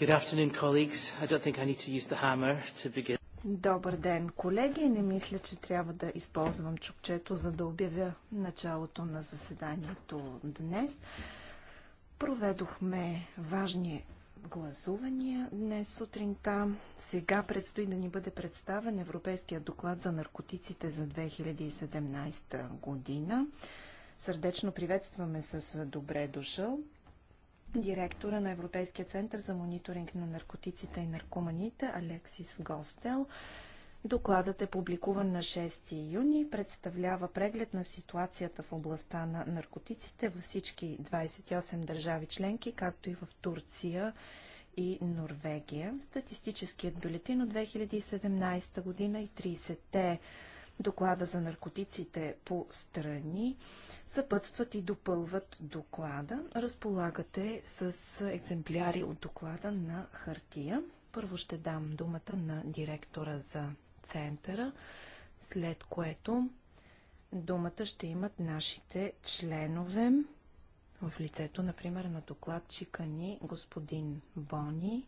Good afternoon, colleagues. I don't think I need to use the hammer to begin. Добър ден, колеги! Не мисля, че трябва да използвам чукчето, за да обявя началото на заседанието днес. Проведохме важни гласувания днес сутринта. Сега предстои да ни бъде представен Европейския доклад за наркотиците за 2017 година. Сърдечно приветстваме с добре дошъл директора на Европейския център за мониторинг на наркотиците и наркоманите Алексис Гостел. Докладът е публикуван на 6 юни, представлява преглед на ситуацията в областта на наркотиците във всички 28 държави членки, както и в Турция и Норвегия. Статистическият бюлетин от 2017 година и 30-те доклада за наркотиците по страни, съпътстват и допълват доклада. Разполагате с екземпляри от доклада на хартия. Първо ще дам думата на директора за центъра, след което думата ще имат нашите членове в лицето, например, на докладчика ни господин Бони,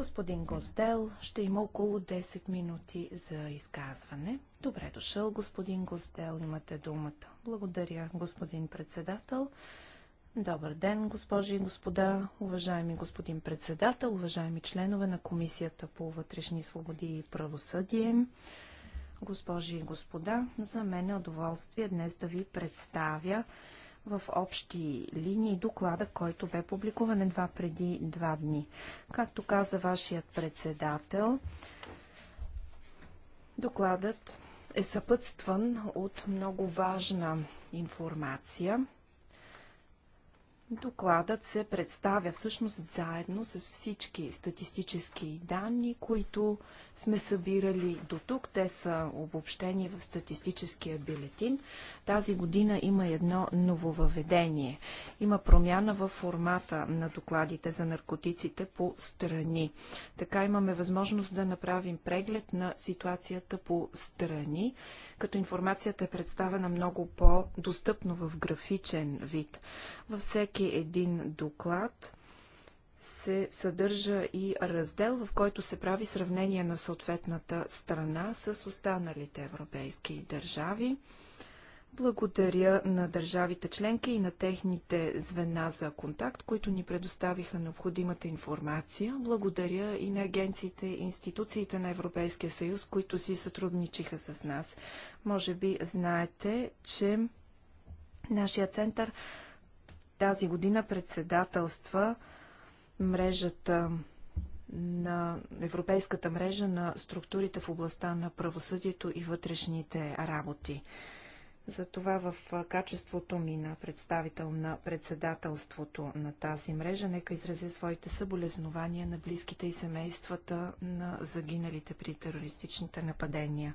Господин Гоздел ще има около 10 минути за изказване. Добре дошъл, господин Гоздел, имате думата. Благодаря, господин председател. Добър ден, госпожи и господа, уважаеми господин председател, уважаеми членове на Комисията по вътрешни свободи и правосъдие. Госпожи и господа, за мен е удоволствие днес да ви представя в общи линии доклада, който бе публикуван едва преди два дни. Както каза вашият председател, докладът е съпътстван от много важна информация – Докладът се представя всъщност заедно с всички статистически данни, които сме събирали до тук. Те са обобщени в статистическия бюлетин. Тази година има едно нововъведение. Има промяна в формата на докладите за наркотиците по страни. Така имаме възможност да направим преглед на ситуацията по страни, като информацията е представена много по-достъпно в графичен вид. Във всеки всеки един доклад се съдържа и раздел, в който се прави сравнение на съответната страна с останалите европейски държави. Благодаря на държавите членки и на техните звена за контакт, които ни предоставиха необходимата информация. Благодаря и на агенциите и институциите на Европейския съюз, които си сътрудничиха с нас. Може би знаете, че нашия център тази година председателства мрежата на Европейската мрежа на структурите в областта на правосъдието и вътрешните работи. Затова в качеството ми на представител на председателството на тази мрежа, нека изразя своите съболезнования на близките и семействата на загиналите при терористичните нападения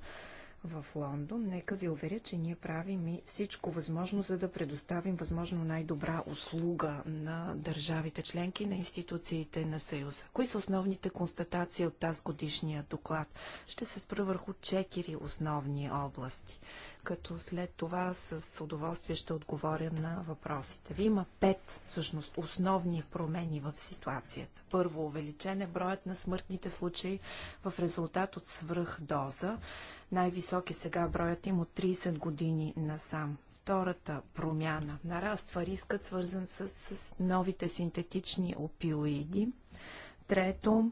в Лондон, нека ви уверя, че ние правим и всичко възможно, за да предоставим възможно най-добра услуга на държавите членки на институциите на Съюза. Кои са основните констатации от тази годишния доклад? Ще се спра върху четири основни области като след това с удоволствие ще отговоря на въпросите ви. Има пет, всъщност, основни промени в ситуацията. Първо, увеличен е броят на смъртните случаи в резултат от свръхдоза. Най-висок е сега броят им от 30 години насам втората промяна. Нараства рискът, свързан с, с новите синтетични опиоиди. Трето,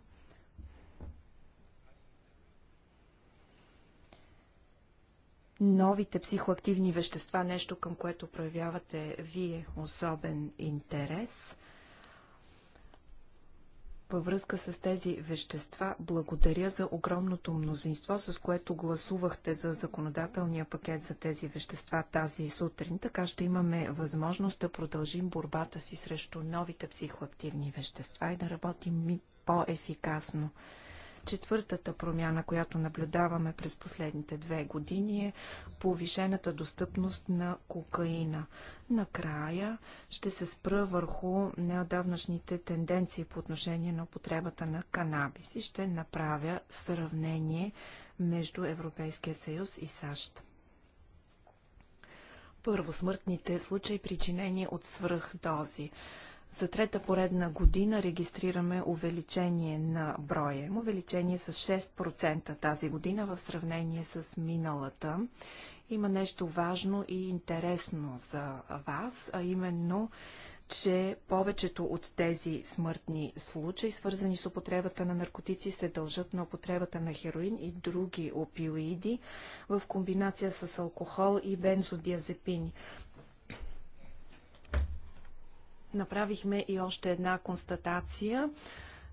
новите психоактивни вещества, нещо към което проявявате вие особен интерес. Във връзка с тези вещества, благодаря за огромното мнозинство, с което гласувахте за законодателния пакет за тези вещества тази сутрин. Така ще имаме възможност да продължим борбата си срещу новите психоактивни вещества и да работим по-ефикасно. Четвъртата промяна, която наблюдаваме през последните две години е повишената достъпност на кокаина. Накрая ще се спра върху неодавнашните тенденции по отношение на употребата на канабис и ще направя сравнение между Европейския съюз и САЩ. Първо, смъртните случаи, причинени от свръхдози. За трета поредна година регистрираме увеличение на броя Увеличение с 6% тази година в сравнение с миналата. Има нещо важно и интересно за вас, а именно че повечето от тези смъртни случаи, свързани с употребата на наркотици, се дължат на употребата на хероин и други опиоиди в комбинация с алкохол и бензодиазепини. Направихме и още една констатация,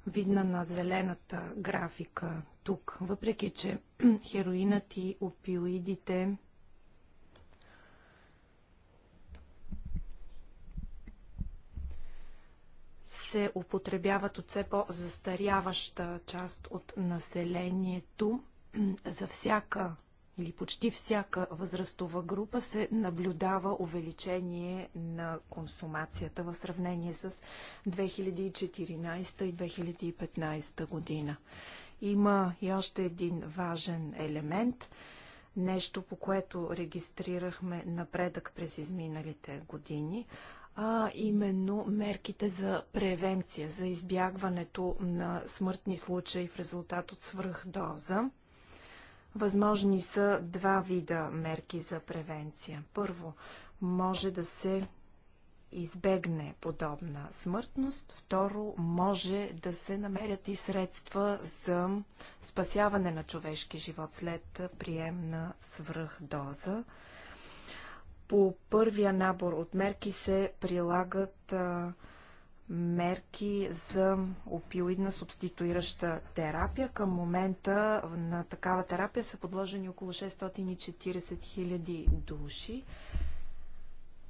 видна на зелената графика тук. Въпреки, че хероинът и опиоидите се употребяват от все по-застаряваща част от населението за всяка или почти всяка възрастова група се наблюдава увеличение на консумацията в сравнение с 2014 и 2015 година. Има и още един важен елемент нещо, по което регистрирахме напредък през изминалите години, а именно мерките за превенция, за избягването на смъртни случаи в резултат от свръхдоза. Възможни са два вида мерки за превенция. Първо, може да се избегне подобна смъртност. Второ, може да се намерят и средства за спасяване на човешки живот след приемна свръхдоза. По първия набор от мерки се прилагат а, мерки за опиоидна субституираща терапия. Към момента на такава терапия са подложени около 640 хиляди души.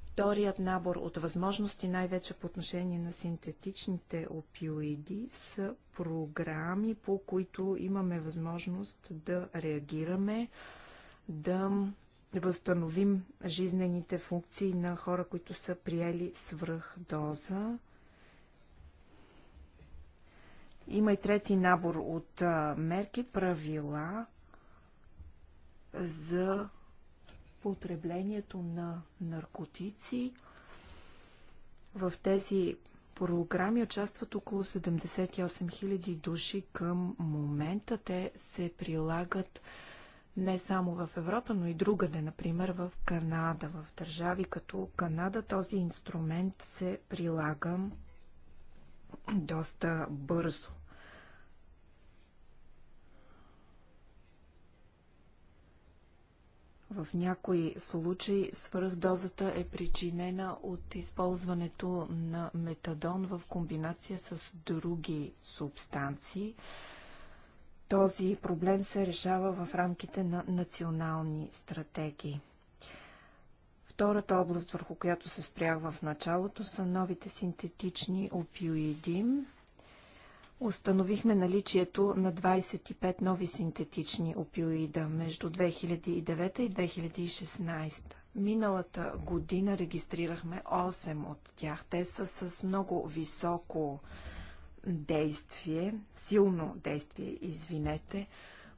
Вторият набор от възможности, най-вече по отношение на синтетичните опиоиди, са програми, по които имаме възможност да реагираме, да възстановим жизнените функции на хора, които са приели свръхдоза. Има и трети набор от мерки, правила за потреблението на наркотици. В тези програми участват около 78 000 души към момента. Те се прилагат не само в Европа, но и другаде, например в Канада. В държави като Канада този инструмент се прилага доста бързо. В някои случаи свръхдозата е причинена от използването на метадон в комбинация с други субстанции. Този проблем се решава в рамките на национални стратегии. Втората област, върху която се спрях в началото, са новите синтетични опиоиди установихме наличието на 25 нови синтетични опиоида между 2009 и 2016. Миналата година регистрирахме 8 от тях. Те са с много високо действие, силно действие, извинете,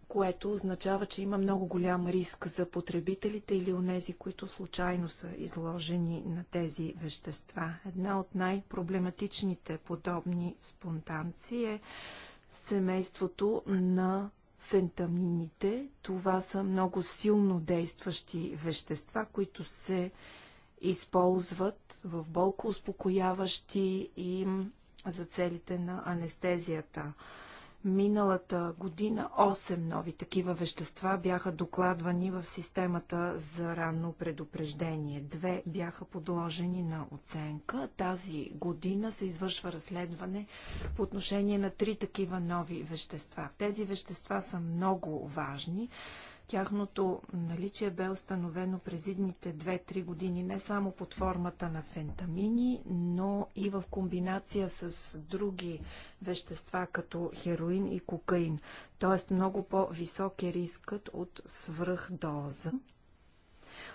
което означава, че има много голям риск за потребителите или онези, които случайно са изложени на тези вещества. Една от най-проблематичните подобни спонтанци е семейството на фентамините. Това са много силно действащи вещества, които се използват в болко успокояващи и за целите на анестезията. Миналата година 8 нови такива вещества бяха докладвани в системата за ранно предупреждение. Две бяха подложени на оценка. Тази година се извършва разследване по отношение на три такива нови вещества. Тези вещества са много важни, Тяхното наличие бе установено през едните 2-3 години не само под формата на фентамини, но и в комбинация с други вещества, като хероин и кокаин. Тоест много по-висок е рискът от свръхдоза.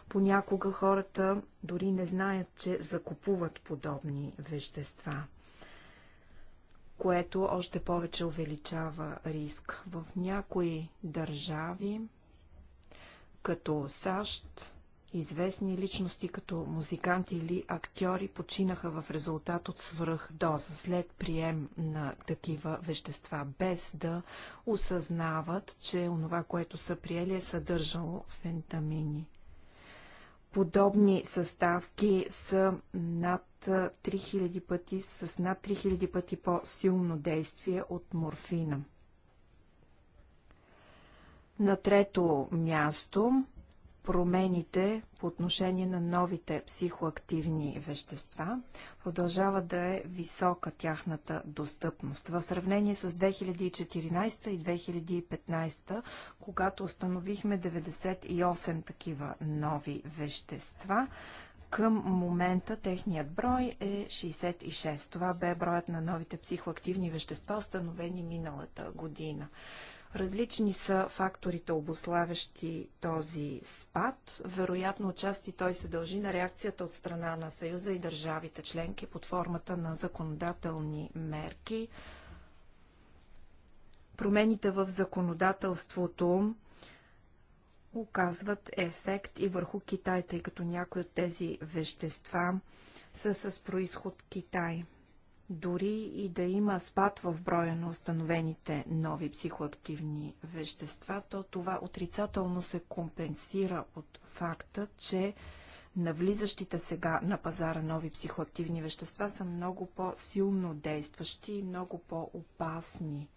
Понякога хората дори не знаят, че закупуват подобни вещества което още повече увеличава риск. В някои държави като САЩ, известни личности като музиканти или актьори починаха в резултат от свръхдоза след прием на такива вещества, без да осъзнават, че онова, което са приели е съдържало фентамини. Подобни съставки са над 3000 пъти, с над 3000 пъти по-силно действие от морфина. На трето място промените по отношение на новите психоактивни вещества. Продължава да е висока тяхната достъпност. В сравнение с 2014 и 2015, когато установихме 98 такива нови вещества, към момента техният брой е 66. Това бе броят на новите психоактивни вещества, установени миналата година. Различни са факторите, обославящи този спад. Вероятно, отчасти той се дължи на реакцията от страна на Съюза и държавите членки под формата на законодателни мерки. Промените в законодателството оказват ефект и върху Китай, тъй като някои от тези вещества са с происход Китай. Дори и да има спад в броя на установените нови психоактивни вещества, то това отрицателно се компенсира от факта, че навлизащите сега на пазара нови психоактивни вещества са много по-силно действащи и много по-опасни.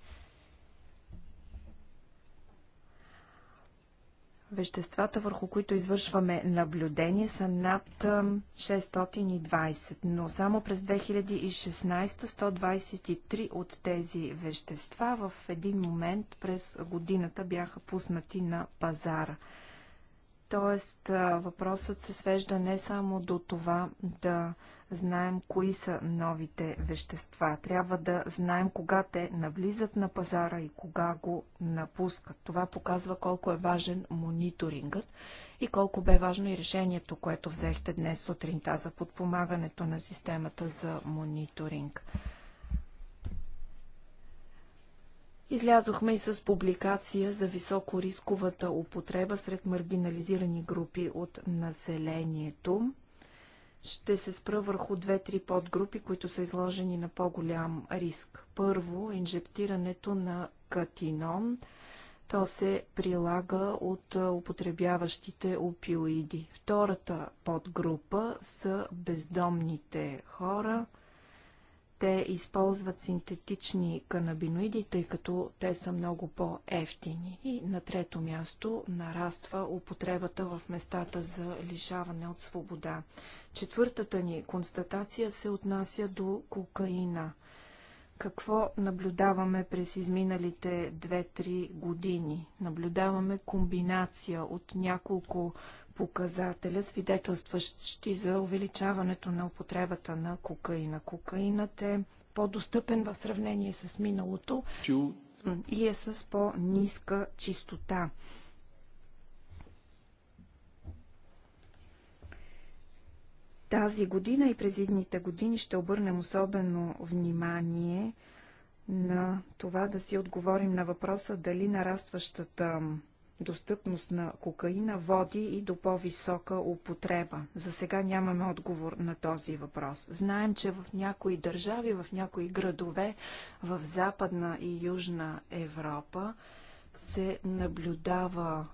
Веществата, върху които извършваме наблюдение, са над 620, но само през 2016 123 от тези вещества в един момент през годината бяха пуснати на пазара. Тоест, въпросът се свежда не само до това да знаем кои са новите вещества. Трябва да знаем кога те навлизат на пазара и кога го напускат. Това показва колко е важен мониторингът и колко бе важно и решението, което взехте днес сутринта за подпомагането на системата за мониторинг. Излязохме и с публикация за високорисковата употреба сред маргинализирани групи от населението. Ще се спра върху две-три подгрупи, които са изложени на по-голям риск. Първо, инжектирането на катинон. То се прилага от употребяващите опиоиди. Втората подгрупа са бездомните хора – те използват синтетични канабиноиди, тъй като те са много по-ефтини. И на трето място нараства употребата в местата за лишаване от свобода. Четвъртата ни констатация се отнася до кокаина. Какво наблюдаваме през изминалите 2-3 години? Наблюдаваме комбинация от няколко показателя, свидетелстващи за увеличаването на употребата на кокаина. Кокаинът е по-достъпен в сравнение с миналото и е с по-ниска чистота. Тази година и през едните години ще обърнем особено внимание на това да си отговорим на въпроса дали нарастващата достъпност на кокаина води и до по-висока употреба. За сега нямаме отговор на този въпрос. Знаем, че в някои държави, в някои градове в Западна и Южна Европа се наблюдава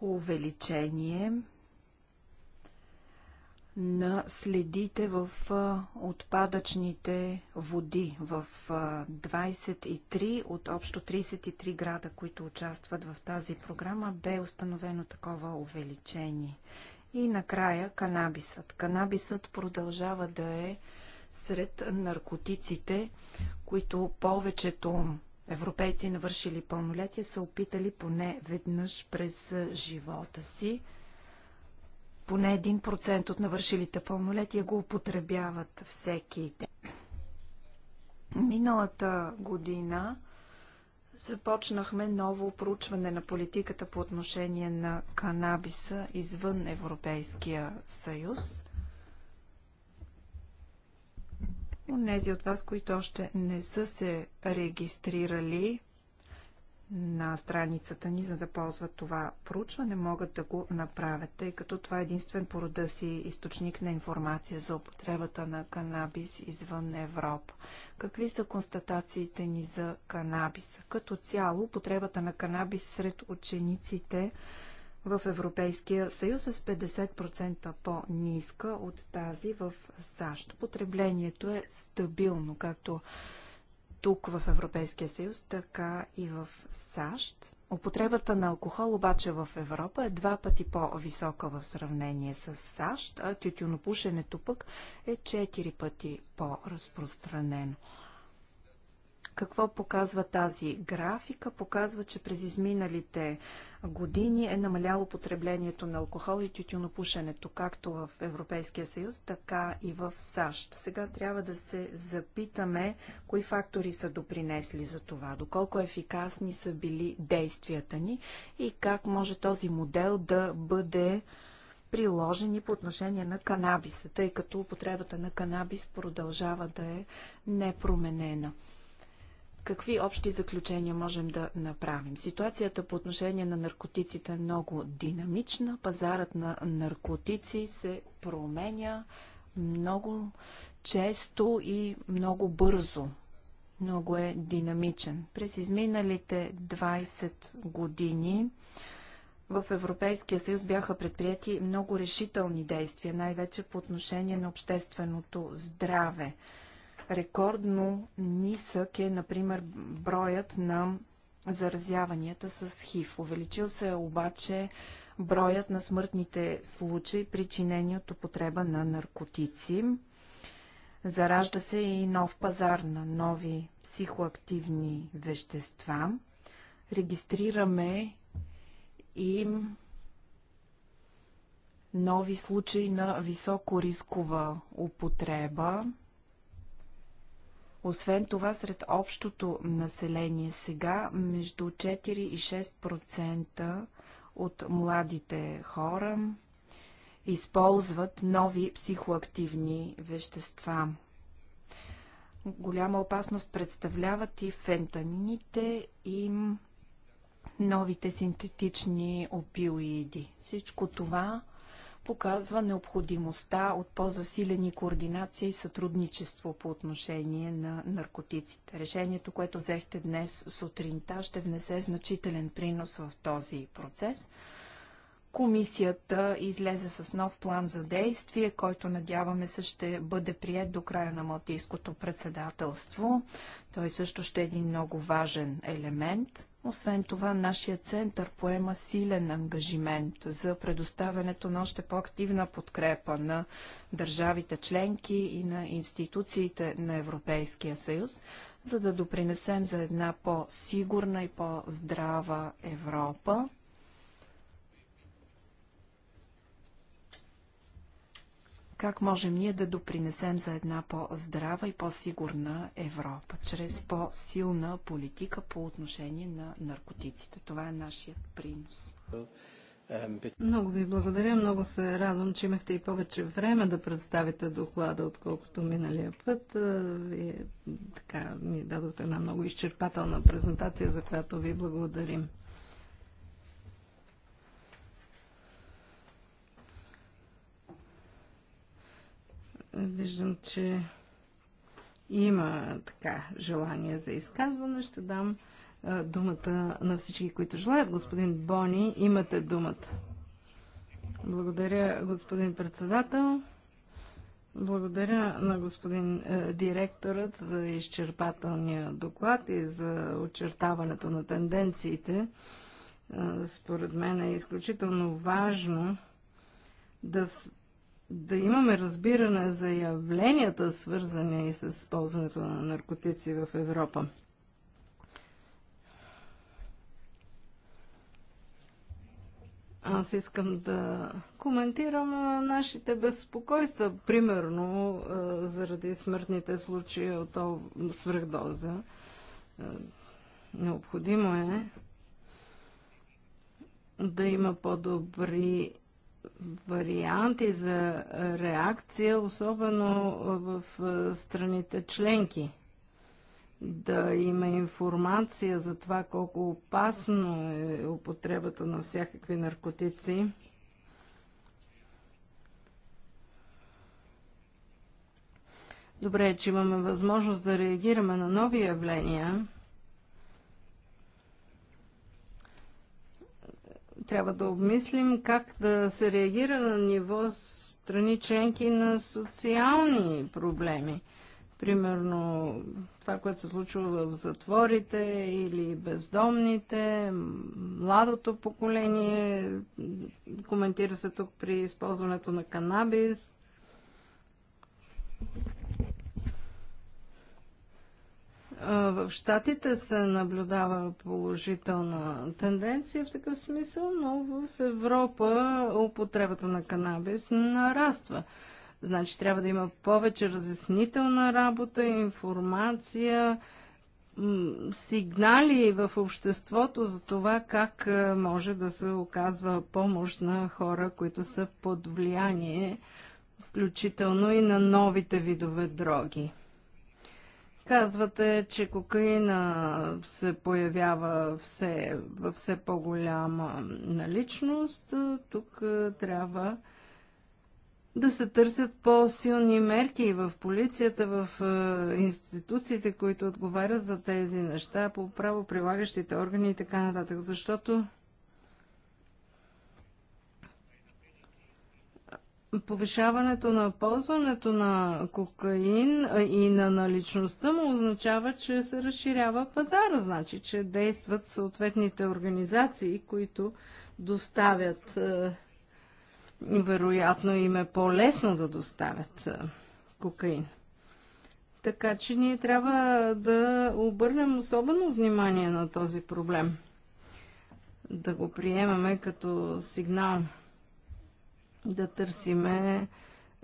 увеличение на следите в отпадъчните води в 23 от общо 33 града, които участват в тази програма, бе установено такова увеличение. И накрая канабисът. Канабисът продължава да е сред наркотиците, които повечето европейци, навършили пълнолетие, са опитали поне веднъж през живота си. Поне 1% от навършилите пълнолетия го употребяват всеки ден. Миналата година започнахме ново проучване на политиката по отношение на канабиса извън Европейския съюз. Онези от вас, които още не са се регистрирали, на страницата ни, за да ползват това проучване, могат да го направят, тъй като това е единствен по рода си източник на информация за употребата на канабис извън Европа. Какви са констатациите ни за канабиса? Като цяло, употребата на канабис сред учениците в Европейския съюз е с 50% по-ниска от тази в САЩ. Потреблението е стабилно, както тук в Европейския съюз, така и в САЩ. Употребата на алкохол обаче в Европа е два пъти по-висока в сравнение с САЩ, а тютюнопушенето пък е четири пъти по-разпространено. Какво показва тази графика? Показва, че през изминалите години е намаляло потреблението на алкохол и тютюнопушенето, както в Европейския съюз, така и в САЩ. Сега трябва да се запитаме, кои фактори са допринесли за това, доколко ефикасни са били действията ни и как може този модел да бъде приложени по отношение на канабиса, тъй като употребата на канабис продължава да е непроменена. Какви общи заключения можем да направим? Ситуацията по отношение на наркотиците е много динамична. Пазарът на наркотици се променя много често и много бързо. Много е динамичен. През изминалите 20 години в Европейския съюз бяха предприяти много решителни действия, най-вече по отношение на общественото здраве. Рекордно нисък е, например, броят на заразяванията с ХИВ. Увеличил се е обаче броят на смъртните случаи, причинени от употреба на наркотици. Заражда се и нов пазар на нови психоактивни вещества. Регистрираме и нови случаи на високо рискова употреба. Освен това, сред общото население сега между 4 и 6% от младите хора използват нови психоактивни вещества. Голяма опасност представляват и фентанините и новите синтетични опиоиди. Всичко това показва необходимостта от по-засилени координация и сътрудничество по отношение на наркотиците. Решението, което взехте днес сутринта, ще внесе значителен принос в този процес. Комисията излезе с нов план за действие, който надяваме се ще бъде прият до края на Малтийското председателство. Той също ще е един много важен елемент освен това, нашия център поема силен ангажимент за предоставянето на още по-активна подкрепа на държавите членки и на институциите на Европейския съюз, за да допринесем за една по-сигурна и по-здрава Европа. как можем ние да допринесем за една по-здрава и по-сигурна Европа, чрез по-силна политика по отношение на наркотиците. Това е нашият принос. Много ви благодаря. Много се радвам, че имахте и повече време да представите доклада, отколкото миналия път. Вие така ни дадохте една много изчерпателна презентация, за която ви благодарим. Виждам, че има така желание за изказване. Ще дам думата на всички, които желаят. Господин Бони, имате думата. Благодаря, господин председател. Благодаря на господин е, директорът за изчерпателния доклад и за очертаването на тенденциите. Е, според мен е изключително важно да да имаме разбиране за явленията, свързани с използването на наркотици в Европа. Аз искам да коментирам нашите безпокойства, примерно заради смъртните случаи от свръхдоза. Необходимо е да има по-добри варианти за реакция, особено в страните членки. Да има информация за това колко опасно е употребата на всякакви наркотици. Добре е, че имаме възможност да реагираме на нови явления Трябва да обмислим как да се реагира на ниво страни членки на социални проблеми. Примерно това, което се случва в затворите или бездомните, младото поколение, коментира се тук при използването на канабис. В Штатите се наблюдава положителна тенденция в такъв смисъл, но в Европа употребата на канабис нараства. Значи трябва да има повече разяснителна работа, информация, сигнали в обществото за това как може да се оказва помощ на хора, които са под влияние, включително и на новите видове дроги. Казвате, че кокаина се появява все, във все по-голяма наличност. Тук е, трябва да се търсят по-силни мерки в полицията, в е, институциите, които отговарят за тези неща, по право прилагащите органи и така нататък. Защото повишаването на ползването на кокаин и на наличността му означава, че се разширява пазара, значи, че действат съответните организации, които доставят, вероятно им е по-лесно да доставят кокаин. Така че ние трябва да обърнем особено внимание на този проблем, да го приемаме като сигнал да търсиме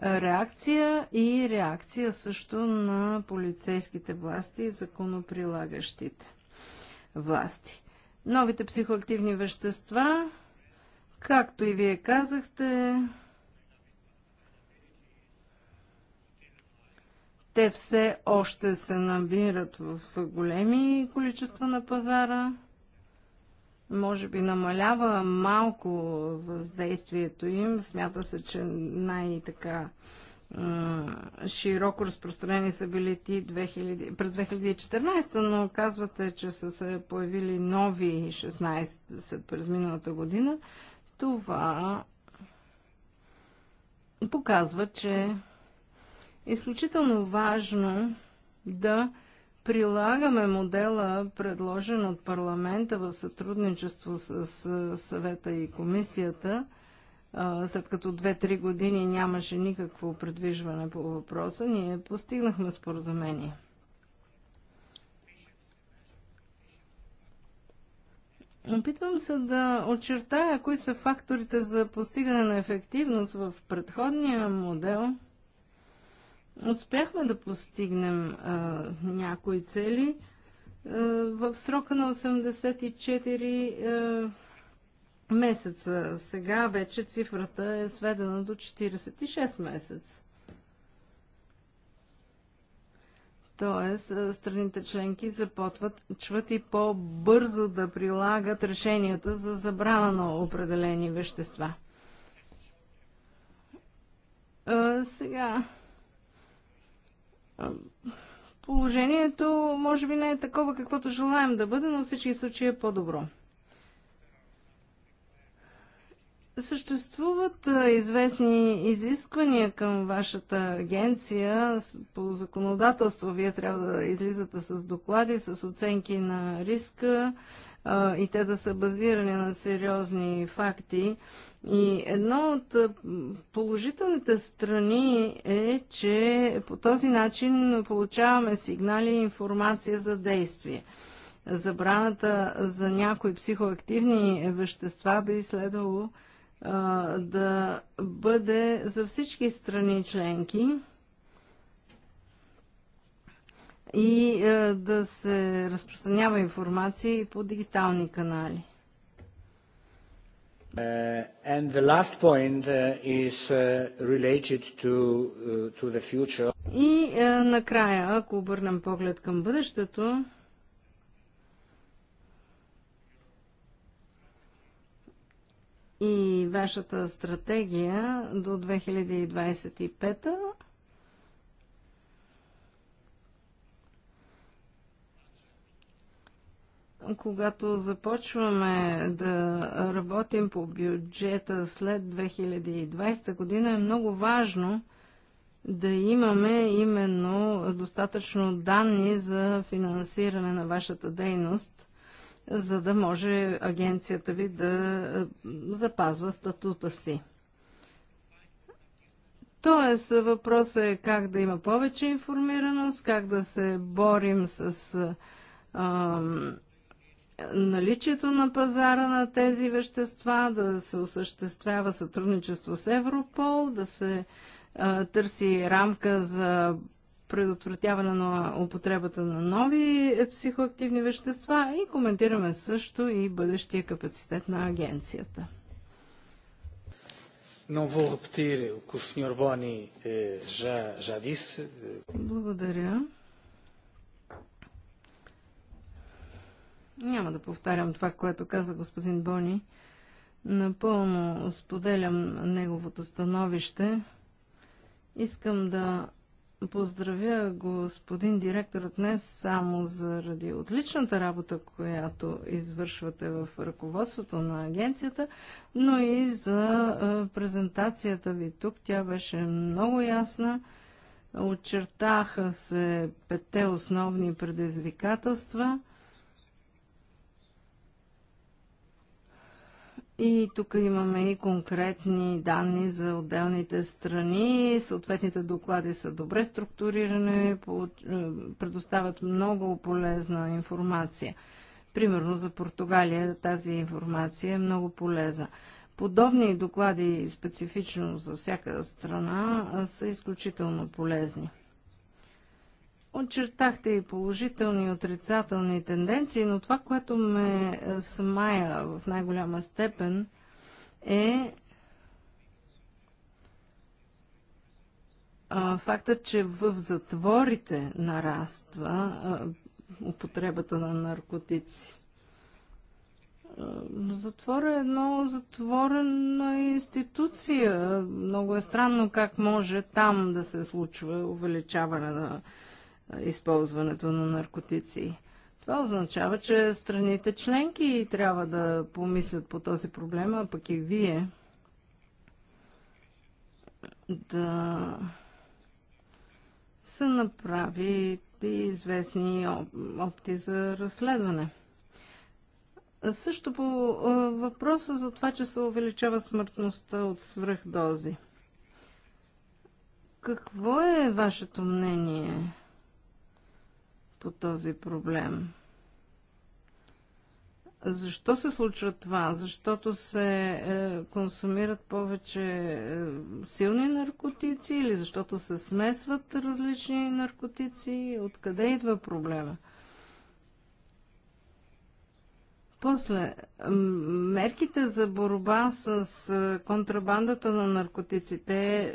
реакция и реакция също на полицейските власти и законоприлагащите власти. Новите психоактивни вещества, както и вие казахте, те все още се набират в големи количества на пазара – може би намалява малко въздействието им. Смята се, че най-така широко разпространени са били ти 2000, през 2014, но казвате, че са се появили нови 16 през миналата година. Това показва, че е изключително важно да прилагаме модела, предложен от парламента в сътрудничество с съвета и комисията, след като 2-3 години нямаше никакво предвижване по въпроса, ние постигнахме споразумение. Опитвам се да очертая кои са факторите за постигане на ефективност в предходния модел – Успяхме да постигнем а, някои цели. А, в срока на 84 а, месеца сега вече цифрата е сведена до 46 месеца. Тоест, страните членки започват чват и по-бързо да прилагат решенията за забрана на определени вещества. А, сега, положението може би не е такова, каквото желаем да бъде, но в всички случаи е по-добро. Съществуват известни изисквания към вашата агенция по законодателство. Вие трябва да излизате с доклади, с оценки на риска, а, и те да са базирани на сериозни факти. И едно от положителните страни е, че по този начин получаваме сигнали и информация за действие. Забраната за някои психоактивни вещества би следвало а, да бъде за всички страни членки и е, да се разпространява информация и по дигитални канали. Uh, and the last point uh, is uh, related to, to the future. И накрая, ако обърнем поглед към бъдещето, и вашата стратегия до 2025 когато започваме да работим по бюджета след 2020 година, е много важно да имаме именно достатъчно данни за финансиране на вашата дейност, за да може агенцията ви да е, запазва статута си. Тоест, въпросът е как да има повече информираност, как да се борим с ам, наличието на пазара на тези вещества, да се осъществява сътрудничество с Европол, да се а, търси рамка за предотвратяване на употребата на нови психоактивни вещества и коментираме също и бъдещия капацитет на агенцията. Е, Благодаря. Няма да повтарям това, което каза господин Бони. Напълно споделям неговото становище. Искам да поздравя господин директорът не само заради отличната работа, която извършвате в ръководството на агенцията, но и за презентацията ви тук. Тя беше много ясна. Очертаха се петте основни предизвикателства – И тук имаме и конкретни данни за отделните страни. Съответните доклади са добре структурирани, е, предоставят много полезна информация. Примерно за Португалия тази информация е много полезна. Подобни доклади, специфично за всяка страна, са изключително полезни. Очертахте и положителни и отрицателни тенденции, но това, което ме е, смая в най-голяма степен е факта, че в затворите нараства употребата на наркотици. Затвора е едно затворена институция. Много е странно как може там да се случва увеличаване на използването на наркотици. Това означава, че страните членки трябва да помислят по този проблем, а пък и вие да се направи известни опти за разследване. Също по въпроса за това, че се увеличава смъртността от свръхдози. Какво е вашето мнение? по този проблем. Защо се случва това? Защото се е, консумират повече е, силни наркотици или защото се смесват различни наркотици? Откъде идва проблема? После, мерките за борба с е, контрабандата на наркотиците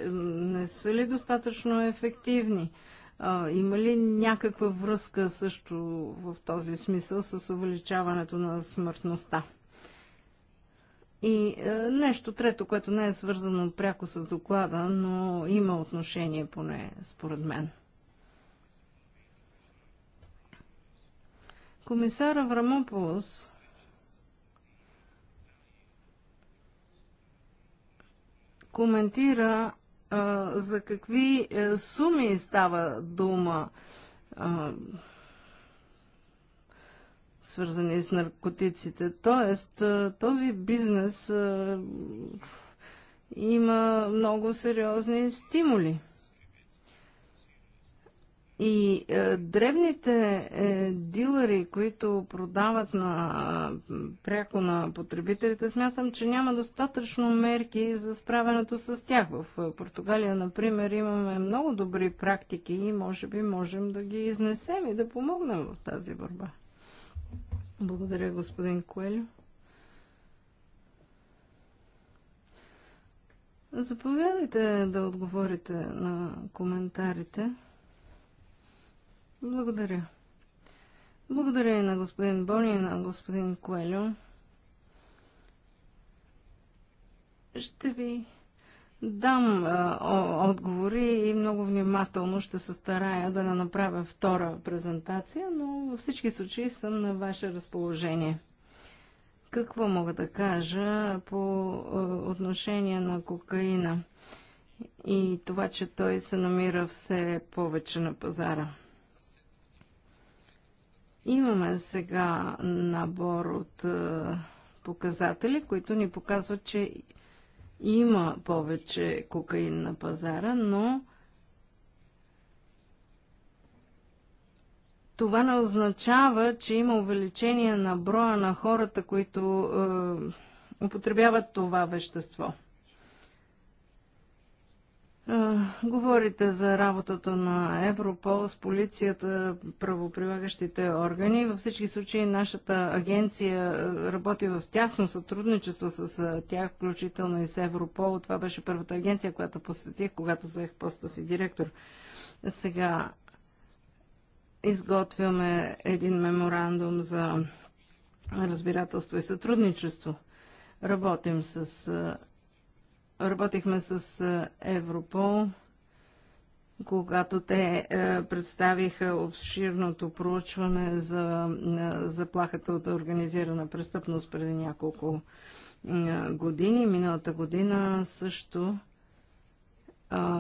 не са ли достатъчно ефективни? А, има ли някаква връзка също в този смисъл с увеличаването на смъртността? И е, нещо трето, което не е свързано пряко с доклада, но има отношение поне според мен. Комисар Аврамополос коментира за какви е, суми става дума, свързани с наркотиците. Тоест, този бизнес има много сериозни стимули. И е, древните е, дилъри, които продават на, е, пряко на потребителите, смятам, че няма достатъчно мерки за справянето с тях. В е, Португалия, например, имаме много добри практики и може би можем да ги изнесем и да помогнем в тази борба. Благодаря, господин Коелю. Заповядайте да отговорите на коментарите. Благодаря. Благодаря и на господин Бони и на господин Коелю. Ще ви дам а, о, отговори и много внимателно ще се старая да не направя втора презентация, но във всички случаи съм на ваше разположение. Какво мога да кажа по отношение на кокаина и това, че той се намира все повече на пазара? Имаме сега набор от е, показатели, които ни показват, че има повече кокаин на пазара, но това не означава, че има увеличение на броя на хората, които е, употребяват това вещество. Говорите за работата на Европол с полицията, правоприлагащите органи. Във всички случаи нашата агенция работи в тясно сътрудничество с тях, включително и с Европол. Това беше първата агенция, която посетих, когато заех поста си директор. Сега изготвяме един меморандум за разбирателство и сътрудничество. Работим с работихме с е, Европол, когато те е, представиха обширното проучване за е, заплахата от организирана престъпност преди няколко години. Миналата година също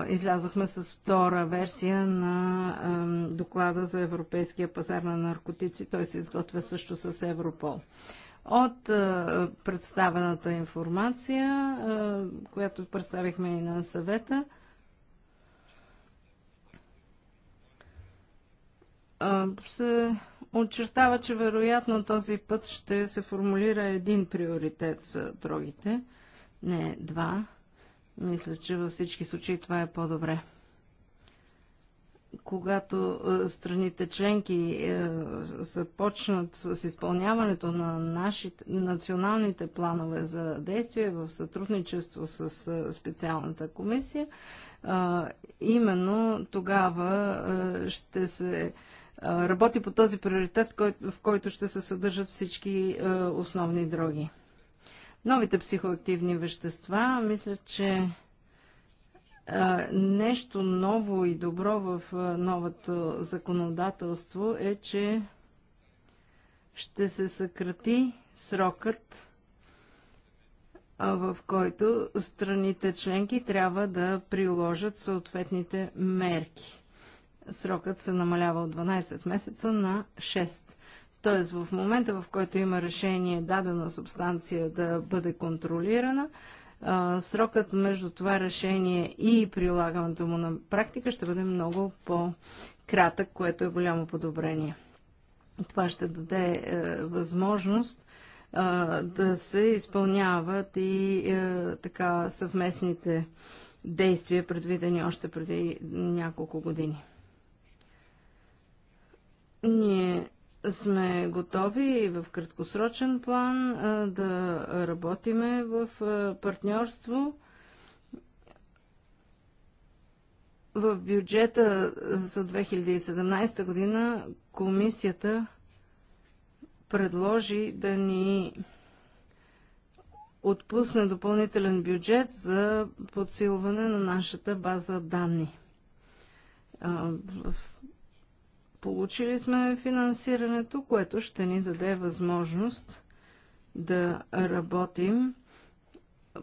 излязохме с втора версия на доклада за Европейския пазар на наркотици. Той се изготвя също с Европол. От е, представената информация, е, която представихме и на съвета, е, се очертава, че вероятно този път ще се формулира един приоритет за дрогите, не два. Мисля, че във всички случаи това е по-добре когато е, страните членки е, започнат с изпълняването на нашите националните планове за действие в сътрудничество с е, специалната комисия, именно тогава ще се работи по този приоритет, в който ще се съдържат всички основни дроги. Новите психоактивни вещества, мисля, че Нещо ново и добро в новото законодателство е, че ще се съкрати срокът, в който страните членки трябва да приложат съответните мерки. Срокът се намалява от 12 месеца на 6. Тоест в момента, в който има решение дадена субстанция да бъде контролирана, срокът между това решение и прилагането му на практика ще бъде много по-кратък, което е голямо подобрение. Това ще даде е, възможност да се изпълняват и е, така съвместните действия, предвидени още преди няколко години. Ние сме готови в краткосрочен план да работиме в партньорство. В бюджета за 2017 година комисията предложи да ни отпусне допълнителен бюджет за подсилване на нашата база данни. В Получили сме финансирането, което ще ни даде възможност да работим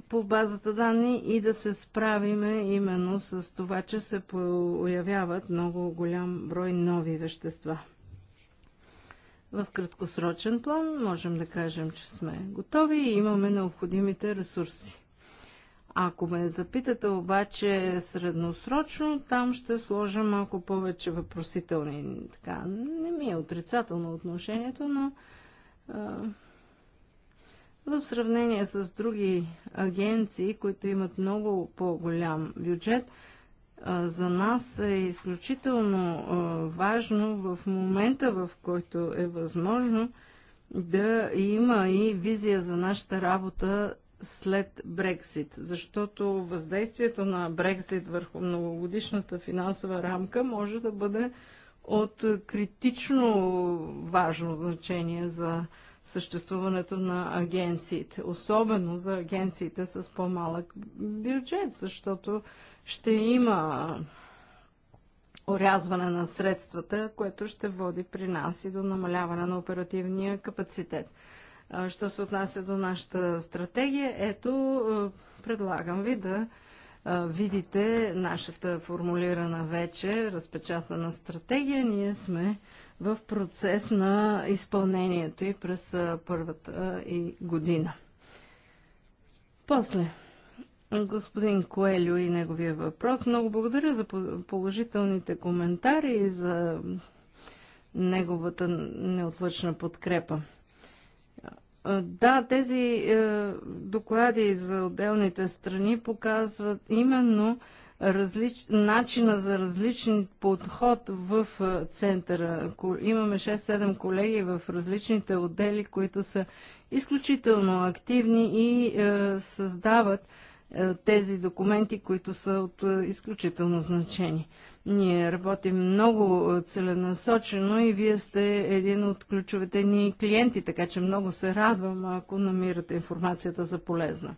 по базата данни и да се справиме именно с това, че се появяват много голям брой нови вещества. В краткосрочен план можем да кажем, че сме готови и имаме необходимите ресурси. Ако ме запитате обаче средносрочно, там ще сложа малко повече въпросителни. Така, не ми е отрицателно отношението, но а, в сравнение с други агенции, които имат много по-голям бюджет, а, за нас е изключително а, важно в момента, в който е възможно, да има и визия за нашата работа след Брексит, защото въздействието на Брексит върху многогодишната финансова рамка може да бъде от критично важно значение за съществуването на агенциите, особено за агенциите с по-малък бюджет, защото ще има орязване на средствата, което ще води при нас и до намаляване на оперативния капацитет. Що се отнася до нашата стратегия, ето, предлагам ви да видите нашата формулирана вече разпечатана стратегия. Ние сме в процес на изпълнението и през първата и година. После, господин Коелю и неговия въпрос. Много благодаря за положителните коментари и за неговата неотлъчна подкрепа. Е, да, тези е, доклади за отделните страни показват именно различ... начина за различен подход в е, центъра. Имаме 6-7 колеги в различните отдели, които са изключително активни и е, създават е, тези документи, които са от е, изключително значение. Ние работим много е, целенасочено и вие сте един от ключовете ни клиенти, така че много се радвам, ако намирате информацията за полезна.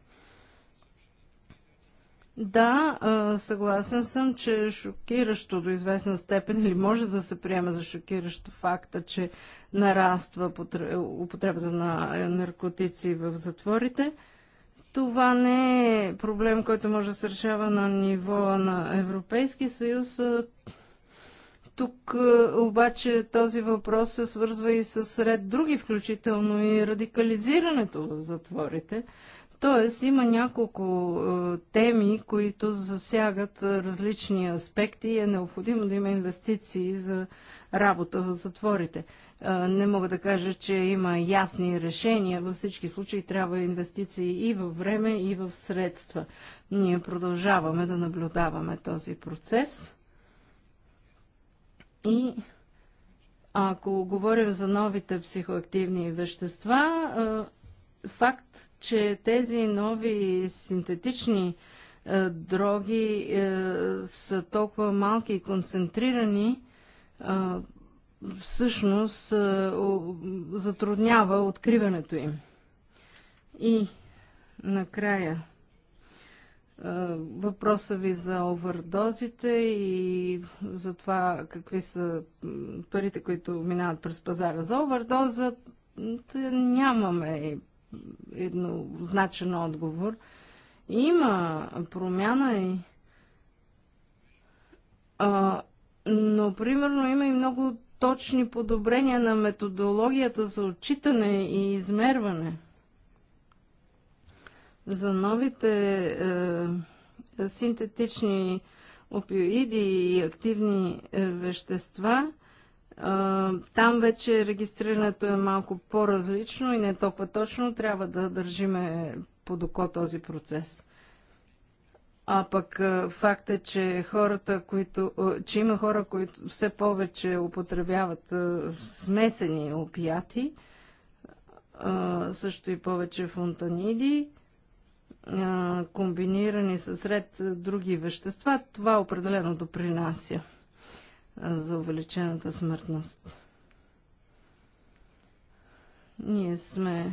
Да, е, съгласен съм, че е шокиращо до известна степен или може да се приема за шокиращо факта, че нараства употребата на наркотици в затворите – това не е проблем, който може да се решава на ниво на Европейски съюз. Тук обаче този въпрос се свързва и с ред други, включително и радикализирането в затворите. Тоест има няколко теми, които засягат различни аспекти и е необходимо да има инвестиции за работа в затворите не мога да кажа, че има ясни решения. Във всички случаи трябва инвестиции и във време, и в средства. Ние продължаваме да наблюдаваме този процес. И ако говорим за новите психоактивни вещества, факт, че тези нови синтетични дроги са толкова малки и концентрирани, всъщност е, затруднява откриването им. И накрая е, въпроса ви за овърдозите и за това какви са парите, които минават през пазара. За овърдоза, нямаме еднозначен отговор. Има промяна и а, но, примерно, има и много точни подобрения на методологията за отчитане и измерване. За новите е, синтетични опиоиди и активни е, вещества, е, там вече регистрирането е малко по-различно и не е толкова точно. Трябва да държиме под око този процес. А пък факт е, че, хората, които, че има хора, които все повече употребяват смесени опияти, също и повече фонтаниди, комбинирани с ред други вещества, това определено допринася за увеличената смъртност. Ние сме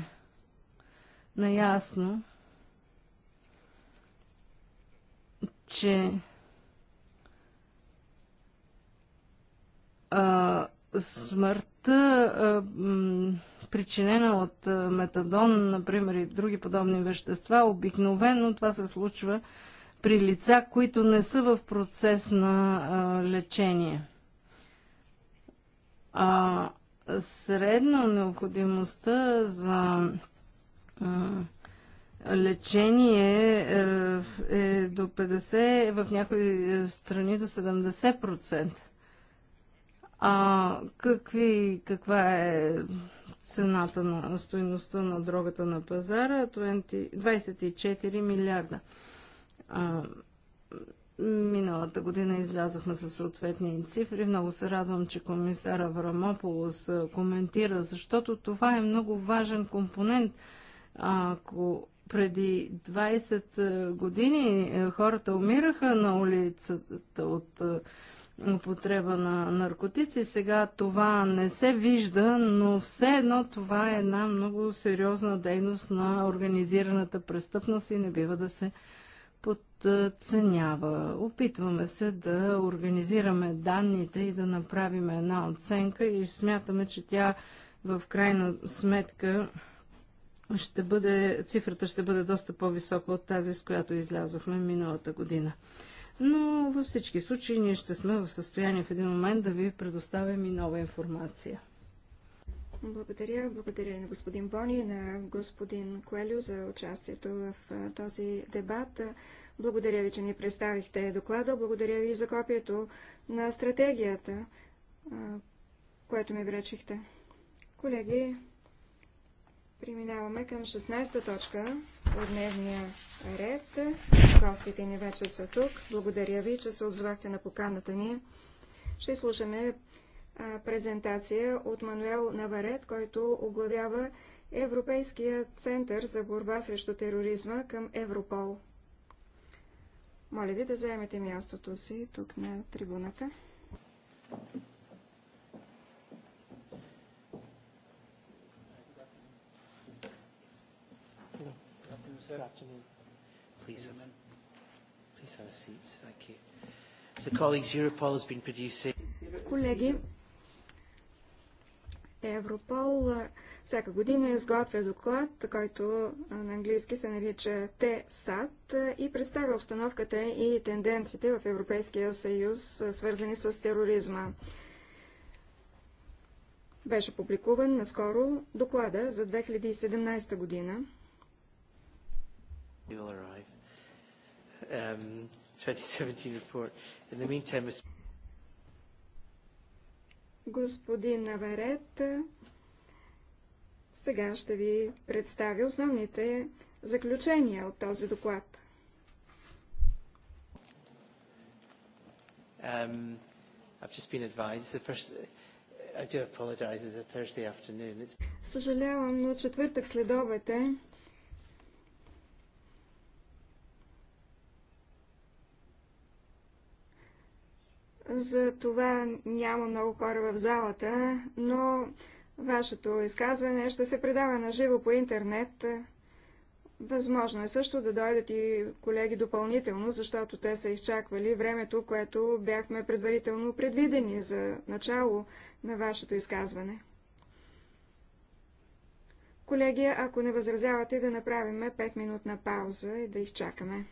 наясно, че а, смъртта, а, причинена от метадон, например, и други подобни вещества, обикновено това се случва при лица, които не са в процес на а, лечение. А, средно необходимостта за а, лечение е, е до 50, в някои е, страни до 70%. А какви, каква е цената на стоеността на дрогата на пазара? 20, 24 милиарда. А, миналата година излязохме със съответни цифри. Много се радвам, че комисар Аврамополос е, коментира, защото това е много важен компонент. Ако преди 20 е, години е, хората умираха на улицата от е, употреба на наркотици. Сега това не се вижда, но все едно това е една много сериозна дейност на организираната престъпност и не бива да се подценява. Опитваме се да организираме данните и да направим една оценка и смятаме, че тя в крайна сметка ще бъде, цифрата ще бъде доста по-висока от тази, с която излязохме миналата година. Но във всички случаи ние ще сме в състояние в един момент да ви предоставим и нова информация. Благодаря. Благодаря на господин Бони и на господин Куелю за участието в този дебат. Благодаря ви, че ни представихте доклада. Благодаря ви за копието на стратегията, което ми вречихте. Колеги, Преминаваме към 16-та точка от дневния ред. Гостите ни вече са тук. Благодаря ви, че се отзвахте на поканата ни. Ще слушаме а, презентация от Мануел Наварет, който оглавява Европейския център за борба срещу тероризма към Европол. Моля ви да заемете мястото си тук на трибуната. Thank you. Good afternoon. Please have, please have a seat. Thank you. So colleagues, Europol has been producing... Колеги, Европол всяка година изготвя доклад, който на английски се нарича ТСАТ и представя обстановката и тенденциите в Европейския съюз, свързани с тероризма. Беше публикуван наскоро доклада за 2017 година. You'll arrive. Um, 2017 report. In the meantime, Mr. Господин Наварет, сега ще ви представя основните заключения от този доклад. Um, I've just been advised the person, I do apologize, it's a Thursday afternoon. It's... Съжалявам, но четвъртък след обед е. За това няма много хора в залата, но вашето изказване ще се предава на живо по интернет. Възможно е също да дойдат и колеги допълнително, защото те са изчаквали времето, което бяхме предварително предвидени за начало на вашето изказване. Колеги, ако не възразявате, да направим 5-минутна пауза и да изчакаме.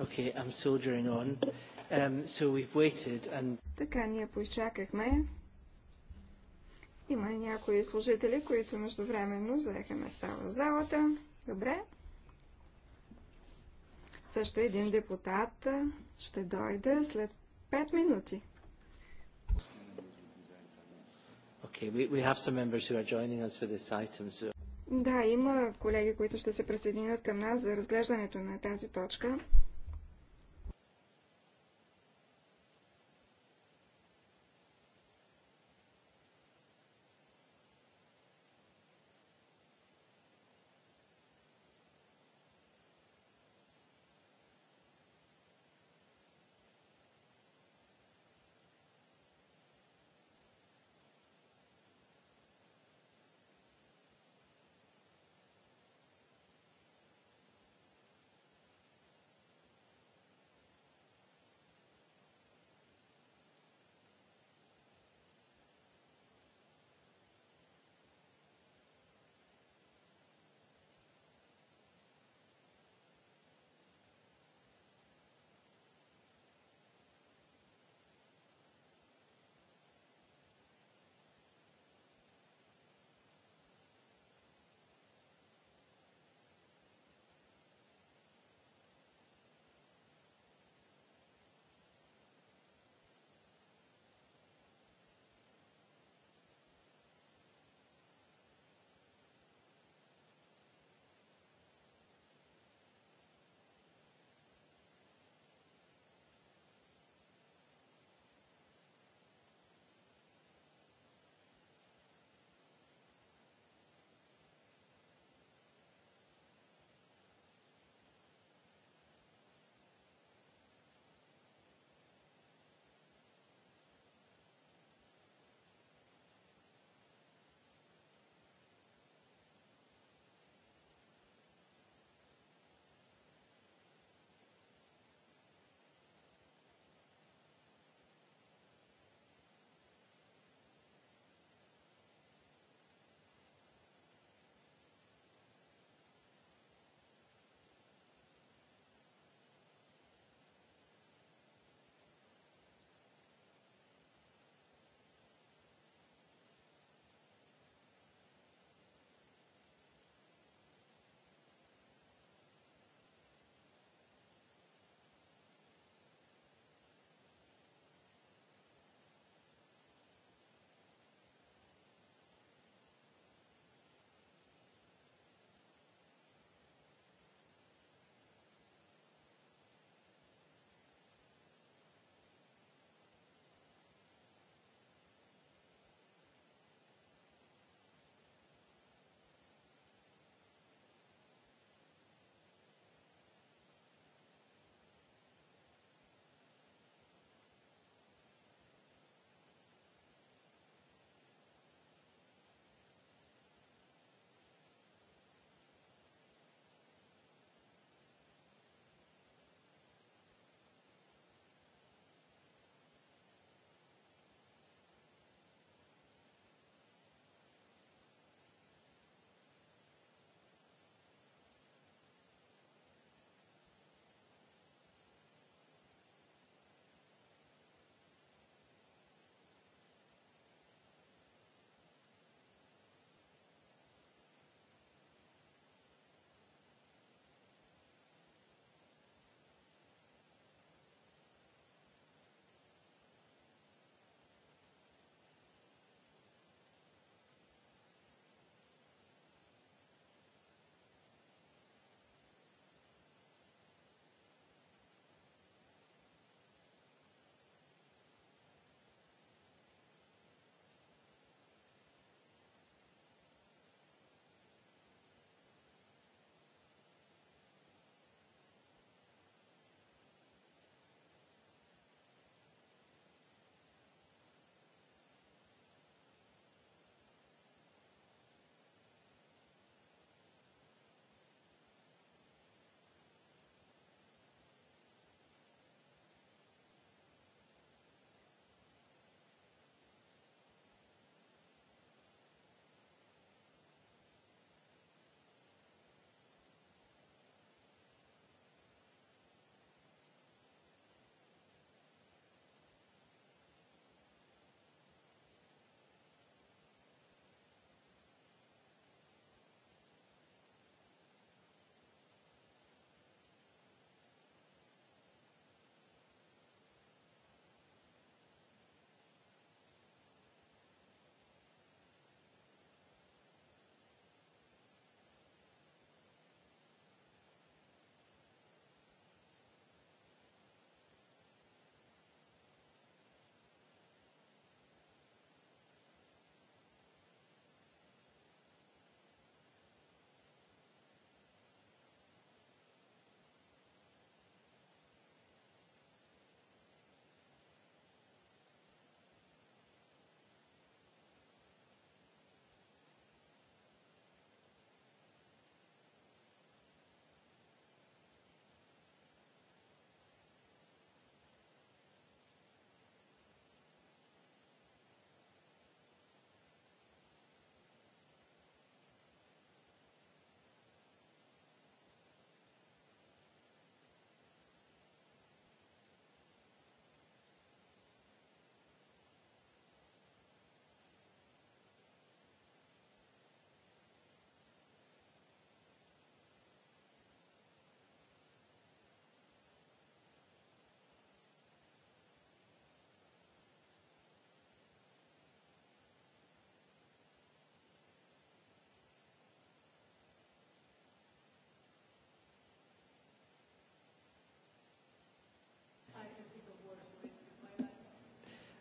Okay, I'm soldiering on. Um, so we've waited and... Така ние поизчакахме. Има и някои служители, които междувременно заеха места в залата. Добре. Също един депутат ще дойде след 5 минути. Okay, we, we have some members who are joining us for this item, so... Да, има колеги, които ще се присъединят към нас за разглеждането на тази точка.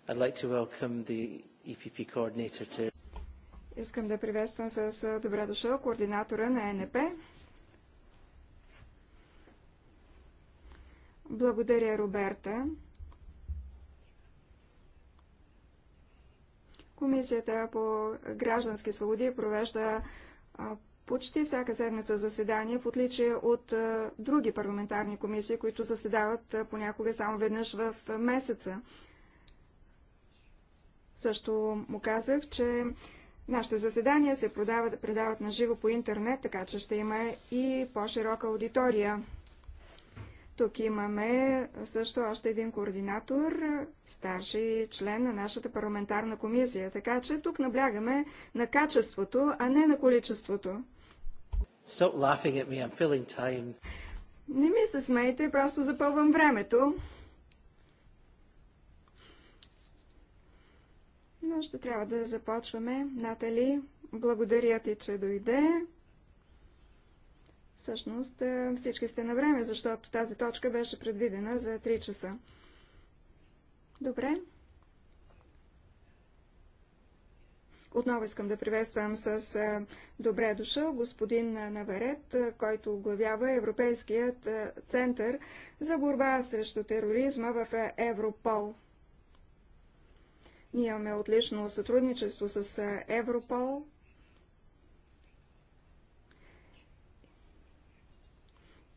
I'd like to welcome the EPP coordinator to... Искам да приветствам с добре дошъл координатора на ЕНП. Благодаря, Роберта. Комисията по граждански свободи провежда почти всяка седмица заседание, в отличие от други парламентарни комисии, които заседават понякога само веднъж в месеца. Също му казах, че нашите заседания се продават, предават на живо по интернет, така че ще има и по-широка аудитория. Тук имаме също още един координатор, старши член на нашата парламентарна комисия, така че тук наблягаме на качеството, а не на количеството. Не ми се смейте, просто запълвам времето. но ще трябва да започваме. Натали, благодаря ти, че дойде. Всъщност е, всички сте на време, защото тази точка беше предвидена за 3 часа. Добре. Отново искам да приветствам с е, добре дошъл господин Наварет, е, който оглавява Европейският център за борба срещу тероризма в Европол. Ние имаме отлично сътрудничество с Европол.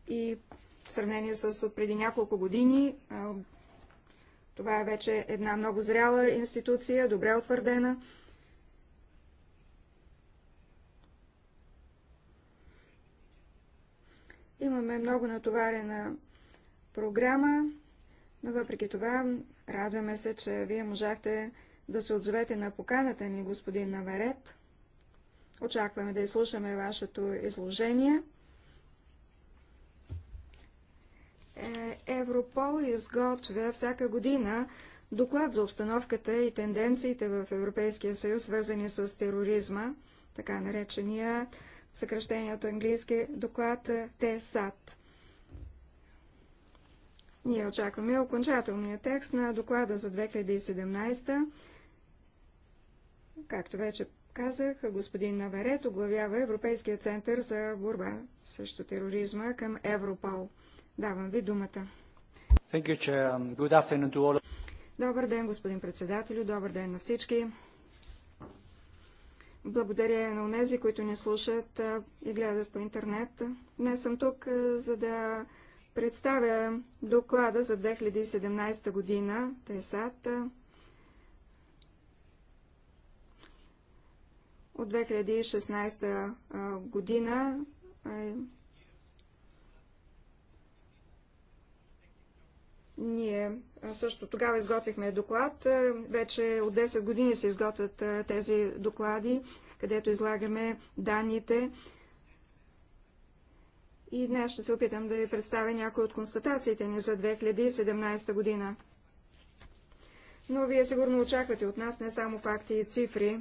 И в сравнение с от преди няколко години, това е вече една много зряла институция, добре утвърдена. Имаме много натоварена програма, но въпреки това радваме се, че вие можахте да се отзовете на поканата ни, господин Наварет. Очакваме да изслушаме вашето изложение. Е, Европол изготвя всяка година доклад за обстановката и тенденциите в Европейския съюз, свързани с тероризма, така наречения в съкръщението английски доклад ТЕСАТ. Ние очакваме окончателния текст на доклада за 2017 Както вече казах, господин Наварет оглавява Европейския център за борба срещу тероризма към Европол. Давам ви думата. You, um, добър ден, господин председателю, добър ден на всички. Благодаря на онези, които ни слушат и гледат по интернет. Днес съм тук, за да представя доклада за 2017 година, ТЕСАТ, От 2016 година Ние също тогава изготвихме доклад. Вече от 10 години се изготвят тези доклади, където излагаме данните. И днес ще се опитам да ви представя някои от констатациите ни за 2017 година. Но вие сигурно очаквате от нас не само факти и цифри.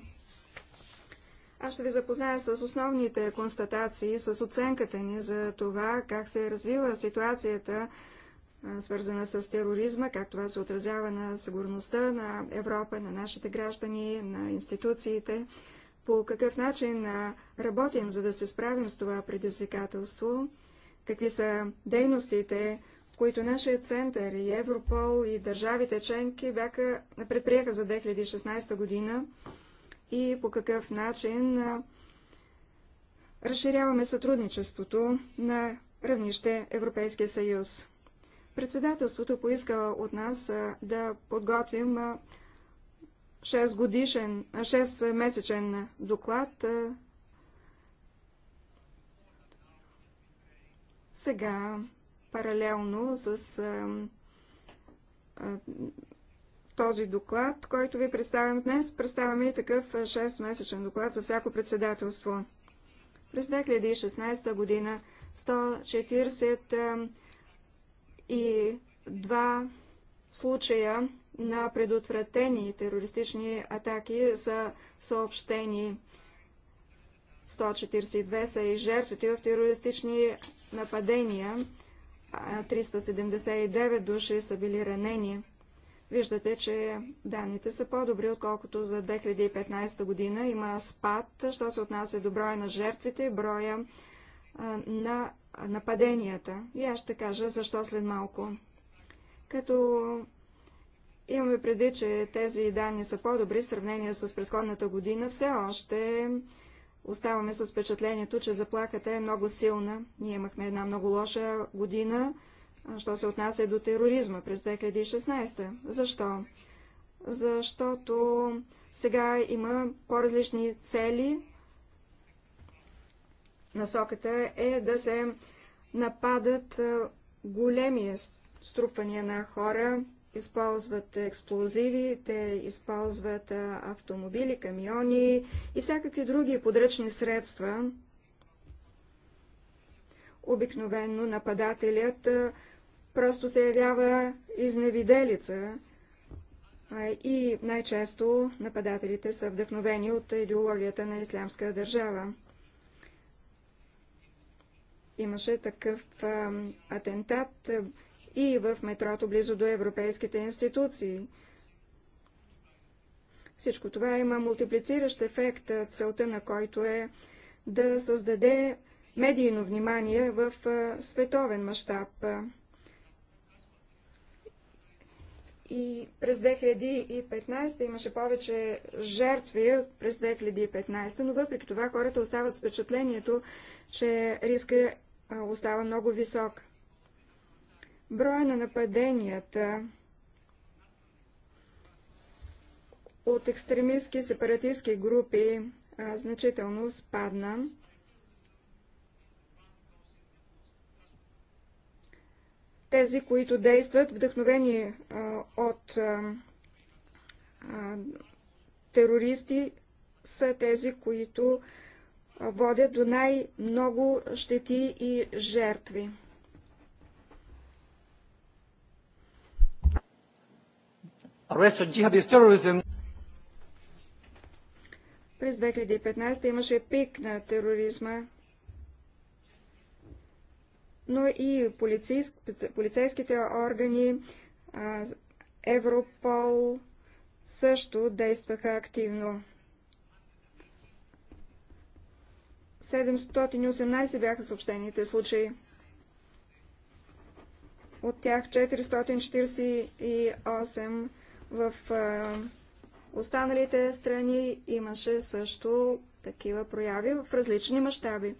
Аз ще ви запозная с основните констатации, с оценката ни за това как се е развила ситуацията, свързана с тероризма, как това се отразява на сигурността на Европа, на нашите граждани, на институциите, по какъв начин работим, за да се справим с това предизвикателство, какви са дейностите, които нашия център и Европол и държавите членки бяха, предприеха за 2016 година и по какъв начин разширяваме сътрудничеството на равнище Европейския съюз. Председателството поиска от нас да подготвим 6 годишен, 6 месечен доклад. Сега, паралелно с този доклад, който ви представям днес, представяме и такъв 6-месечен доклад за всяко председателство. През 2016 година 142 случая на предотвратени терористични атаки са съобщени. 142 са и жертвите в терористични нападения, 379 души са били ранени. Виждате, че данните са по-добри, отколкото за 2015 година. Има спад, що се отнася до броя на жертвите и броя а, на нападенията. И аз ще кажа защо след малко. Като имаме преди, че тези данни са по-добри в сравнение с предходната година, все още оставаме с впечатлението, че заплахата е много силна. Ние имахме една много лоша година, що се отнася до тероризма през 2016. Защо? Защото сега има по-различни цели. Насоката е да се нападат големи струпвания на хора, използват експлозиви, те използват автомобили, камиони и всякакви други подръчни средства. Обикновенно нападателят просто се явява изневиделица и най-често нападателите са вдъхновени от идеологията на ислямска държава. Имаше такъв а, атентат и в метрото близо до европейските институции. Всичко това има мултиплициращ ефект, целта на който е да създаде медийно внимание в световен мащаб. И през 2015 имаше повече жертви през 2015, но въпреки това хората остават с впечатлението, че риска остава много висок. Броя на нападенията от екстремистски сепаратистски групи значително спадна. тези, които действат вдъхновени от терористи, са тези, които водят до най-много щети и жертви. През 2015 имаше пик на тероризма но и полицейските органи, Европол също действаха активно. 718 бяха съобщените случаи. От тях 448 в останалите страни имаше също такива прояви в различни мащаби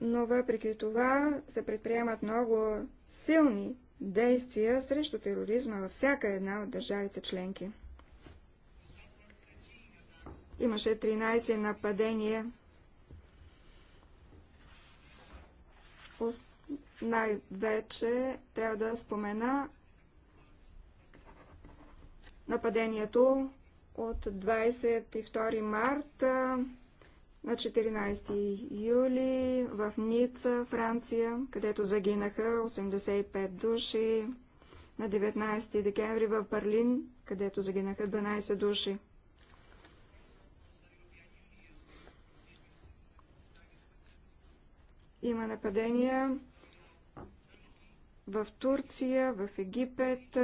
но въпреки това се предприемат много силни действия срещу тероризма във всяка една от държавите членки. Имаше 13 нападения. Най-вече трябва да спомена нападението от 22 марта на 14 юли в Ница, Франция, където загинаха 85 души, на 19 декември в Берлин, където загинаха 12 души. Има нападения в Турция, в Египет,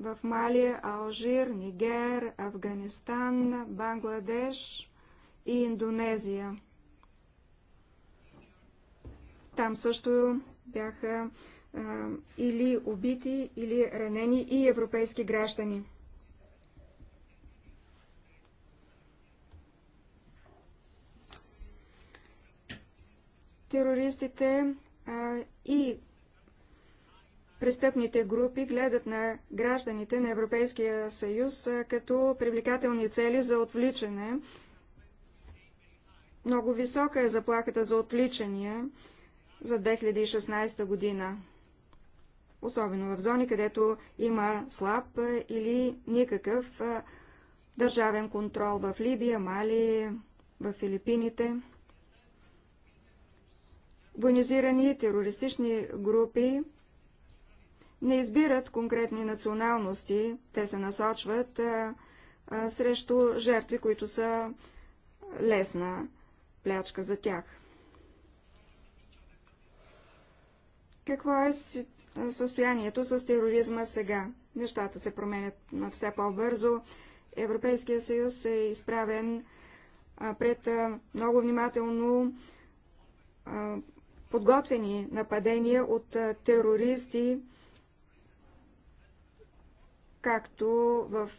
в Малия, Алжир, Нигер, Афганистан, Бангладеш – и Индонезия. Там също бяха а, или убити, или ранени и европейски граждани. Терористите а, и престъпните групи гледат на гражданите на Европейския съюз а, като привлекателни цели за отвличане много висока е заплахата за отвличания за 2016 година. Особено в зони, където има слаб или никакъв държавен контрол в Либия, Мали, в Филипините. Военизирани терористични групи не избират конкретни националности, те се насочват срещу жертви, които са лесна плячка за тях. Какво е състоянието с тероризма сега? Нещата се променят все по-бързо. Европейския съюз е изправен пред много внимателно подготвени нападения от терористи, както в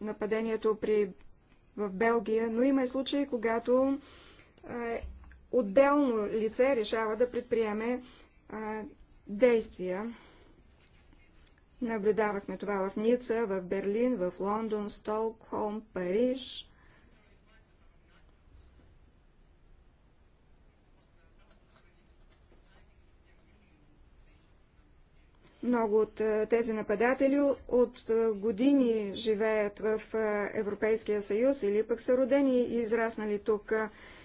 нападението при, в Белгия, но има и случаи, когато отделно лице решава да предприеме действия. Наблюдавахме това в Ница, в Берлин, в Лондон, Стокхолм, Париж. Много от тези нападатели от години живеят в Европейския съюз или пък са родени и израснали тук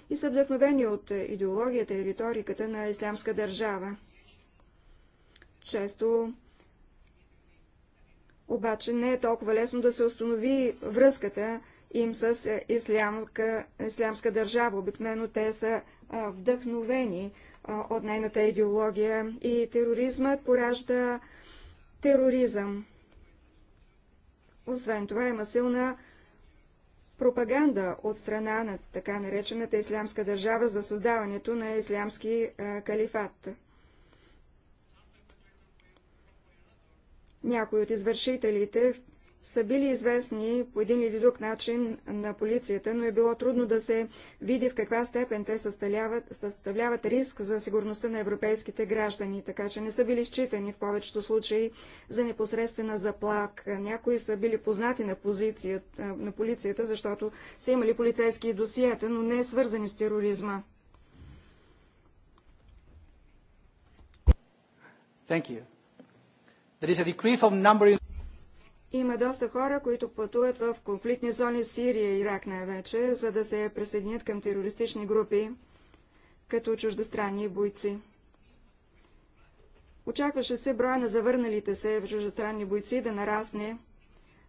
и са вдъхновени от идеологията и риториката на ислямска държава. Често обаче не е толкова лесно да се установи връзката им с ислямка, ислямска държава. Обикновено те са вдъхновени от нейната идеология и тероризмът поражда тероризъм. Освен това има силна пропаганда от страна на така наречената ислямска държава за създаването на ислямски е, калифат. Някои от извършителите в са били известни по един или друг начин на полицията, но е било трудно да се види в каква степен те съставляват, съставляват риск за сигурността на европейските граждани, така че не са били считани в повечето случаи за непосредствена заплак. Някои са били познати на, позиция, на полицията, защото са имали полицейски досиета, но не свързани с тероризма. Thank you. There is a decree from numbering има доста хора, които пътуват в конфликтни зони Сирия и Ирак най-вече, за да се присъединят към терористични групи, като чуждестранни бойци. Очакваше се броя на завърналите се в чуждестранни бойци да нарасне,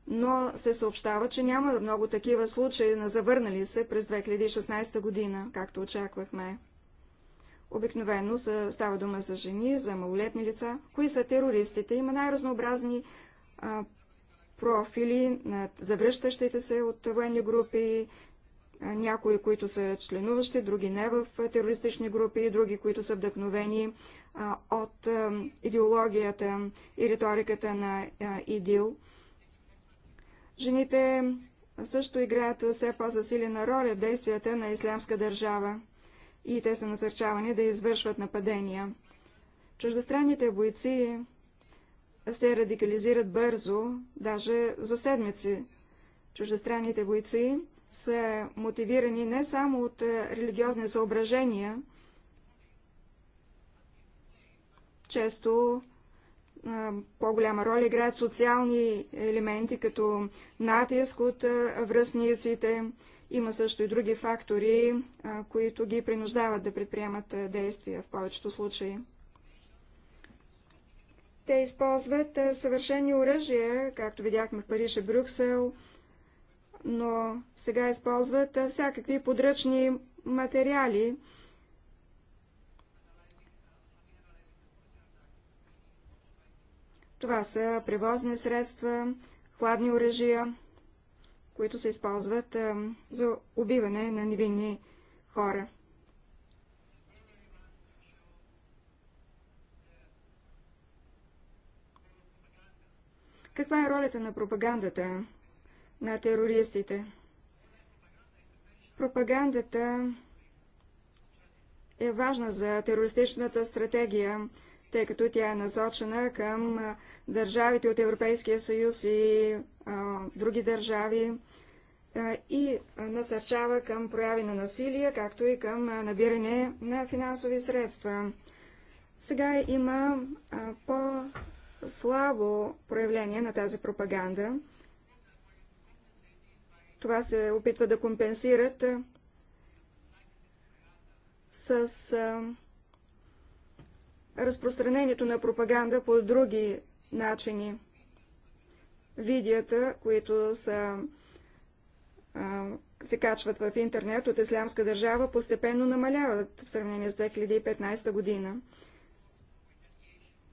но се съобщава, че няма много такива случаи на завърнали се през 2016 година, както очаквахме. Обикновено са, става дума за жени, за малолетни лица. Кои са терористите? Има най-разнообразни профили на завръщащите се от военни групи, някои, които са членуващи, други не в терористични групи, други, които са вдъхновени от идеологията и риториката на ИДИЛ. Жените също играят все по-засилена роля в действията на ислямска държава и те са насърчавани да извършват нападения. Чуждестранните бойци се радикализират бързо, даже за седмици. Чуждестранните бойци са мотивирани не само от е, религиозни съображения, често е, по-голяма роля играят социални елементи, като натиск от е, връзниците. Има също и други фактори, които ги принуждават да предприемат действия в повечето случаи. Те използват съвършени оръжия, както видяхме в Париж и Брюксел, но сега използват всякакви подръчни материали. Това са превозни средства, хладни оръжия, които се използват за убиване на невинни хора. Каква е ролята на пропагандата на терористите? Пропагандата е важна за терористичната стратегия, тъй като тя е насочена към държавите от Европейския съюз и а, други държави а, и насърчава към прояви на насилие, както и към набиране на финансови средства. Сега има по слабо проявление на тази пропаганда. Това се опитва да компенсират с разпространението на пропаганда по други начини. Видията, които са, а, се качват в интернет от Ислямска държава, постепенно намаляват в сравнение с 2015 година.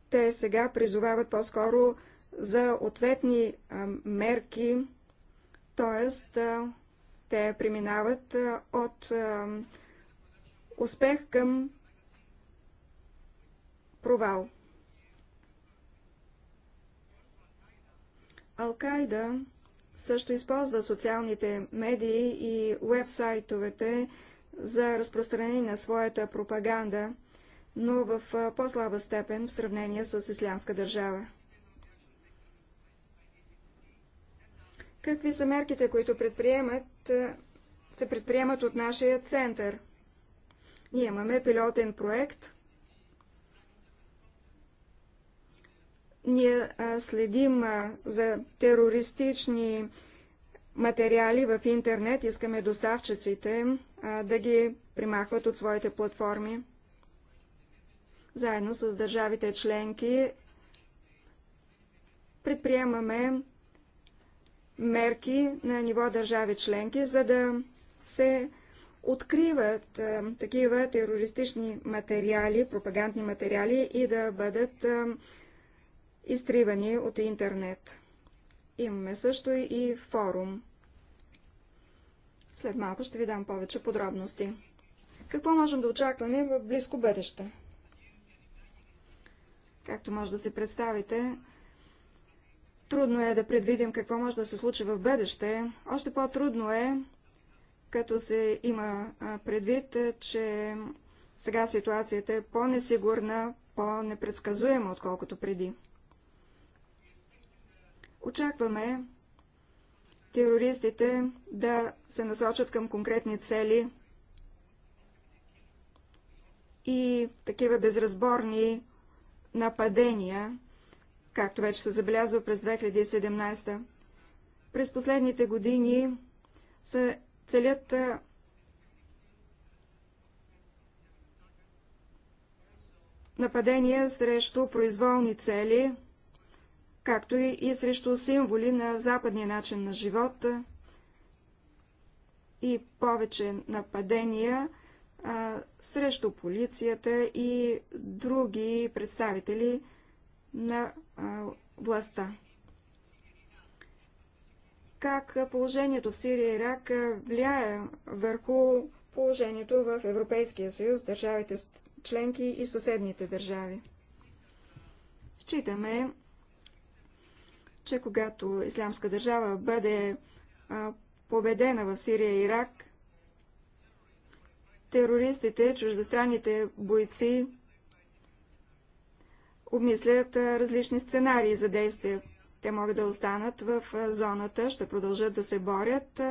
Те сега призовават по-скоро за ответни мерки, т.е. те преминават от успех към провал. Алкайда също използва социалните медии и уебсайтовете за разпространение на своята пропаганда – но в по-слаба степен в сравнение с Ислямска държава. Какви са мерките, които предприемат, се предприемат от нашия център? Ние имаме пилотен проект. Ние следим за терористични материали в интернет. Искаме доставчиците да ги примахват от своите платформи заедно с държавите членки предприемаме мерки на ниво държави членки, за да се откриват а, е, такива терористични материали, пропагандни материали и да бъдат а, е, изтривани от интернет. Имаме също и форум. След малко ще ви дам повече подробности. Какво можем да очакваме в близко бъдеще? Както може да си представите, трудно е да предвидим какво може да се случи в бъдеще. Още по-трудно е, като се има предвид, че сега ситуацията е по-несигурна, по-непредсказуема, отколкото преди. Очакваме терористите да се насочат към конкретни цели и такива безразборни нападения, както вече се забелязва през 2017. През последните години се целят нападения срещу произволни цели, както и срещу символи на западния начин на живота и повече нападения а, срещу полицията и други представители на а, властта. Как положението в Сирия и Ирак влияе върху положението в Европейския съюз, държавите членки и съседните държави? Считаме, че когато Ислямска държава бъде а, победена в Сирия и Ирак, терористите, чуждестранните бойци обмислят различни сценарии за действие. Те могат да останат в зоната, ще продължат да се борят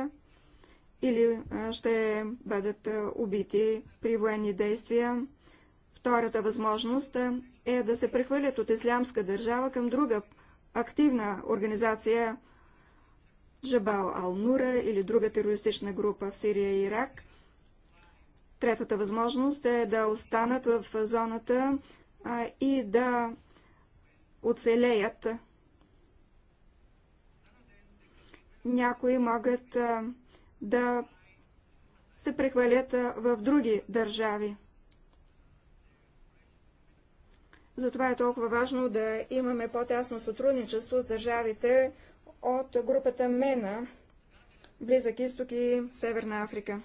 или ще бъдат убити при военни действия. Втората възможност е да се прехвърлят от ислямска държава към друга активна организация Джабал Ал-Нура или друга терористична група в Сирия и Ирак. Третата възможност е да останат в зоната а, и да оцелеят. Някои могат а, да се прехвалят а, в други държави. Затова е толкова важно да имаме по-тясно сътрудничество с държавите от групата МЕНА, Близък изток и Северна Африка.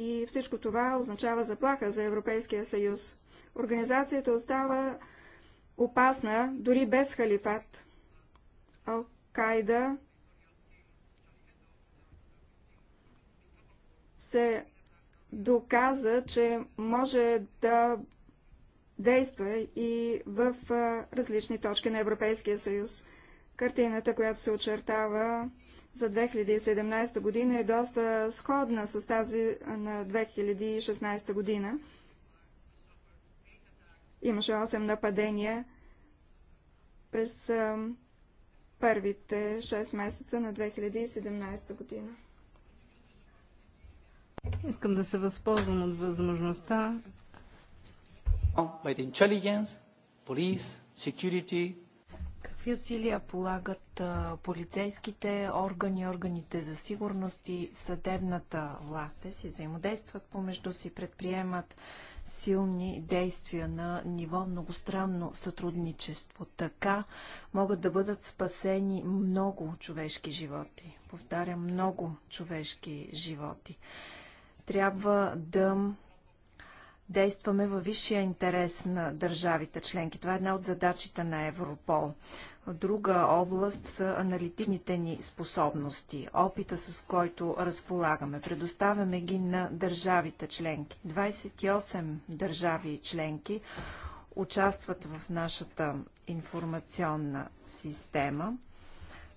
и всичко това означава заплаха за Европейския съюз. Организацията остава опасна дори без халифат. Ал-Кайда се доказа, че може да действа и в различни точки на Европейския съюз. Картината, която се очертава, за 2017 година е доста сходна с тази на 2016 година. Имаше 8 нападения през първите 6 месеца на 2017 година. Искам да се възползвам от възможността. By the intelligence, police, security, Какви усилия полагат полицейските органи, органите за сигурност и съдебната власт? Те си взаимодействат помежду си, предприемат силни действия на ниво многостранно сътрудничество. Така могат да бъдат спасени много човешки животи. Повтарям, много човешки животи. Трябва да действаме във висшия интерес на държавите членки. Това е една от задачите на Европол. Друга област са аналитичните ни способности, опита с който разполагаме. Предоставяме ги на държавите членки. 28 държави членки участват в нашата информационна система.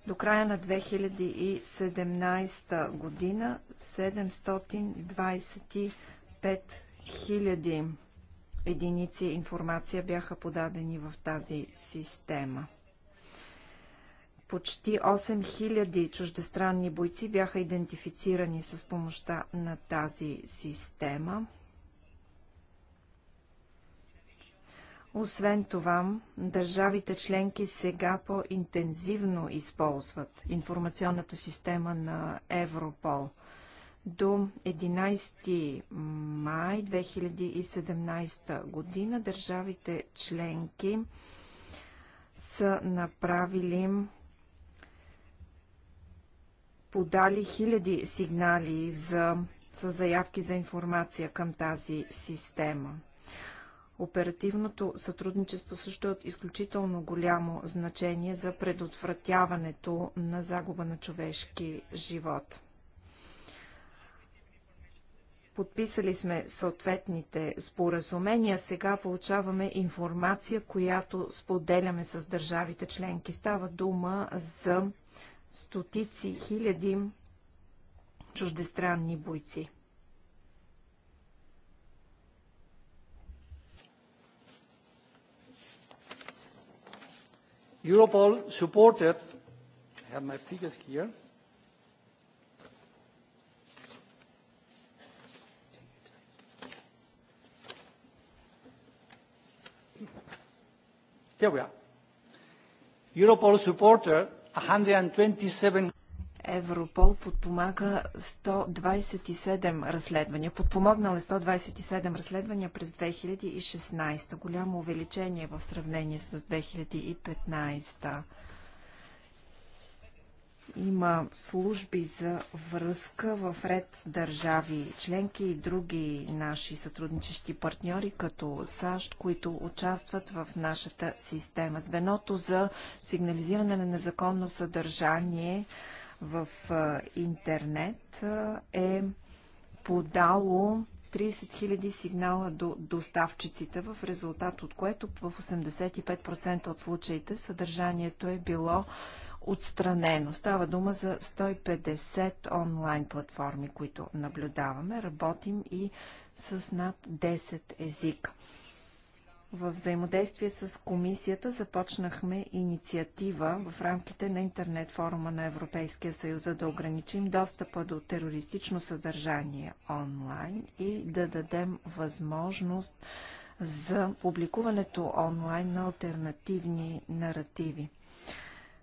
До края на 2017 година 725 хиляди единици информация бяха подадени в тази система. Почти 8000 чуждестранни бойци бяха идентифицирани с помощта на тази система. Освен това, държавите членки сега по-интензивно използват информационната система на Европол – до 11 май 2017 година държавите членки са направили подали хиляди сигнали за, за заявки за информация към тази система. Оперативното сътрудничество също е от изключително голямо значение за предотвратяването на загуба на човешки живот. Подписали сме съответните споразумения. Сега получаваме информация, която споделяме с държавите членки. Става дума за стотици хиляди чуждестранни бойци. Europol supported, I have my figures here, Here we are. Europol supporter 127 Европол подпомага 127 разследвания. Подпомогнал е 127 разследвания през 2016. Голямо увеличение в сравнение с 2015. Има служби за връзка в ред държави, членки и други наши сътрудничещи партньори, като САЩ, които участват в нашата система. Звеното за сигнализиране на незаконно съдържание в интернет е подало 30 000 сигнала до доставчиците, в резултат от което в 85% от случаите съдържанието е било отстранено. Става дума за 150 онлайн платформи, които наблюдаваме. Работим и с над 10 езика. В взаимодействие с комисията започнахме инициатива в рамките на интернет форума на Европейския съюз за да ограничим достъпа до терористично съдържание онлайн и да дадем възможност за публикуването онлайн на альтернативни наративи.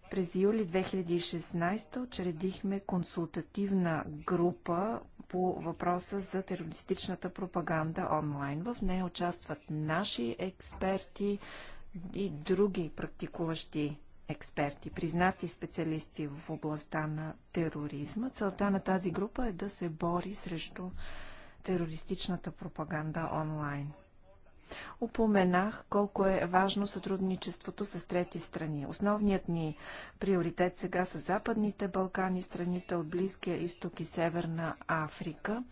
През юли 2016 учредихме консултативна група по въпроса за терористичната пропаганда онлайн. В нея участват наши експерти и други практикуващи експерти, признати специалисти в областта на тероризма. Целта на тази група е да се бори срещу терористичната пропаганда онлайн. Упоменах колко е важно сътрудничеството с трети страни. Основният ни приоритет сега са Западните Балкани, страните от Близкия изток и Северна Африка,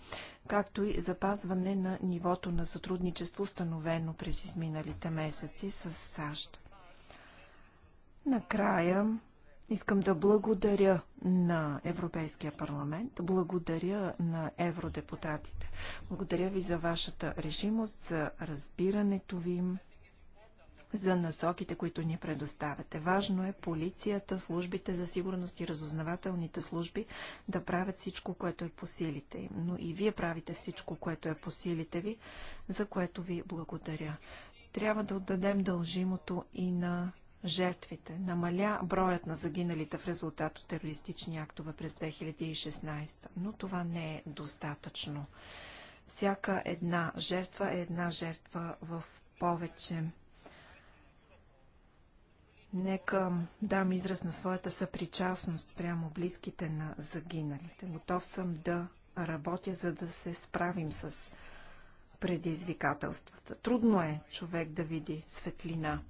както и запазване на нивото на сътрудничество, установено през изминалите месеци с САЩ. Накрая Искам да благодаря на Европейския парламент, благодаря на евродепутатите. Благодаря ви за вашата решимост, за разбирането ви за насоките, които ни предоставяте. Важно е полицията, службите за сигурност и разузнавателните служби да правят всичко, което е по силите им. Но и вие правите всичко, което е по силите ви, за което ви благодаря. Трябва да отдадем дължимото и на жертвите. Намаля броят на загиналите в резултат от терористични актове през 2016, но това не е достатъчно. Всяка една жертва е една жертва в повече. Нека дам израз на своята съпричастност прямо близките на загиналите. Готов съм да работя, за да се справим с предизвикателствата. Трудно е човек да види светлина –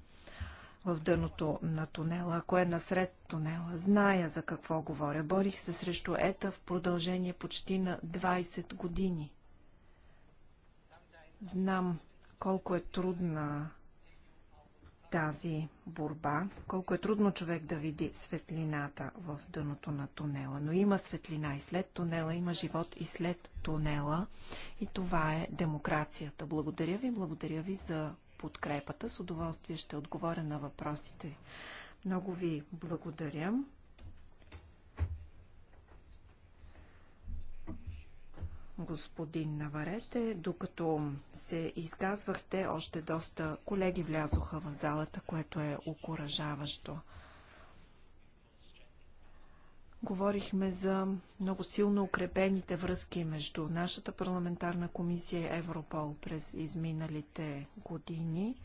в дъното на тунела, ако е насред тунела. Зная за какво говоря. Борих се срещу ета в продължение почти на 20 години. Знам колко е трудна тази борба, колко е трудно човек да види светлината в дъното на тунела. Но има светлина и след тунела, има живот и след тунела. И това е демокрацията. Благодаря ви, благодаря ви за подкрепата. С удоволствие ще отговоря на въпросите Много ви благодаря. господин Наварете. Докато се изказвахте, още доста колеги влязоха в залата, което е окоръжаващо. Говорихме за много силно укрепените връзки между нашата парламентарна комисия и Европол през изминалите години.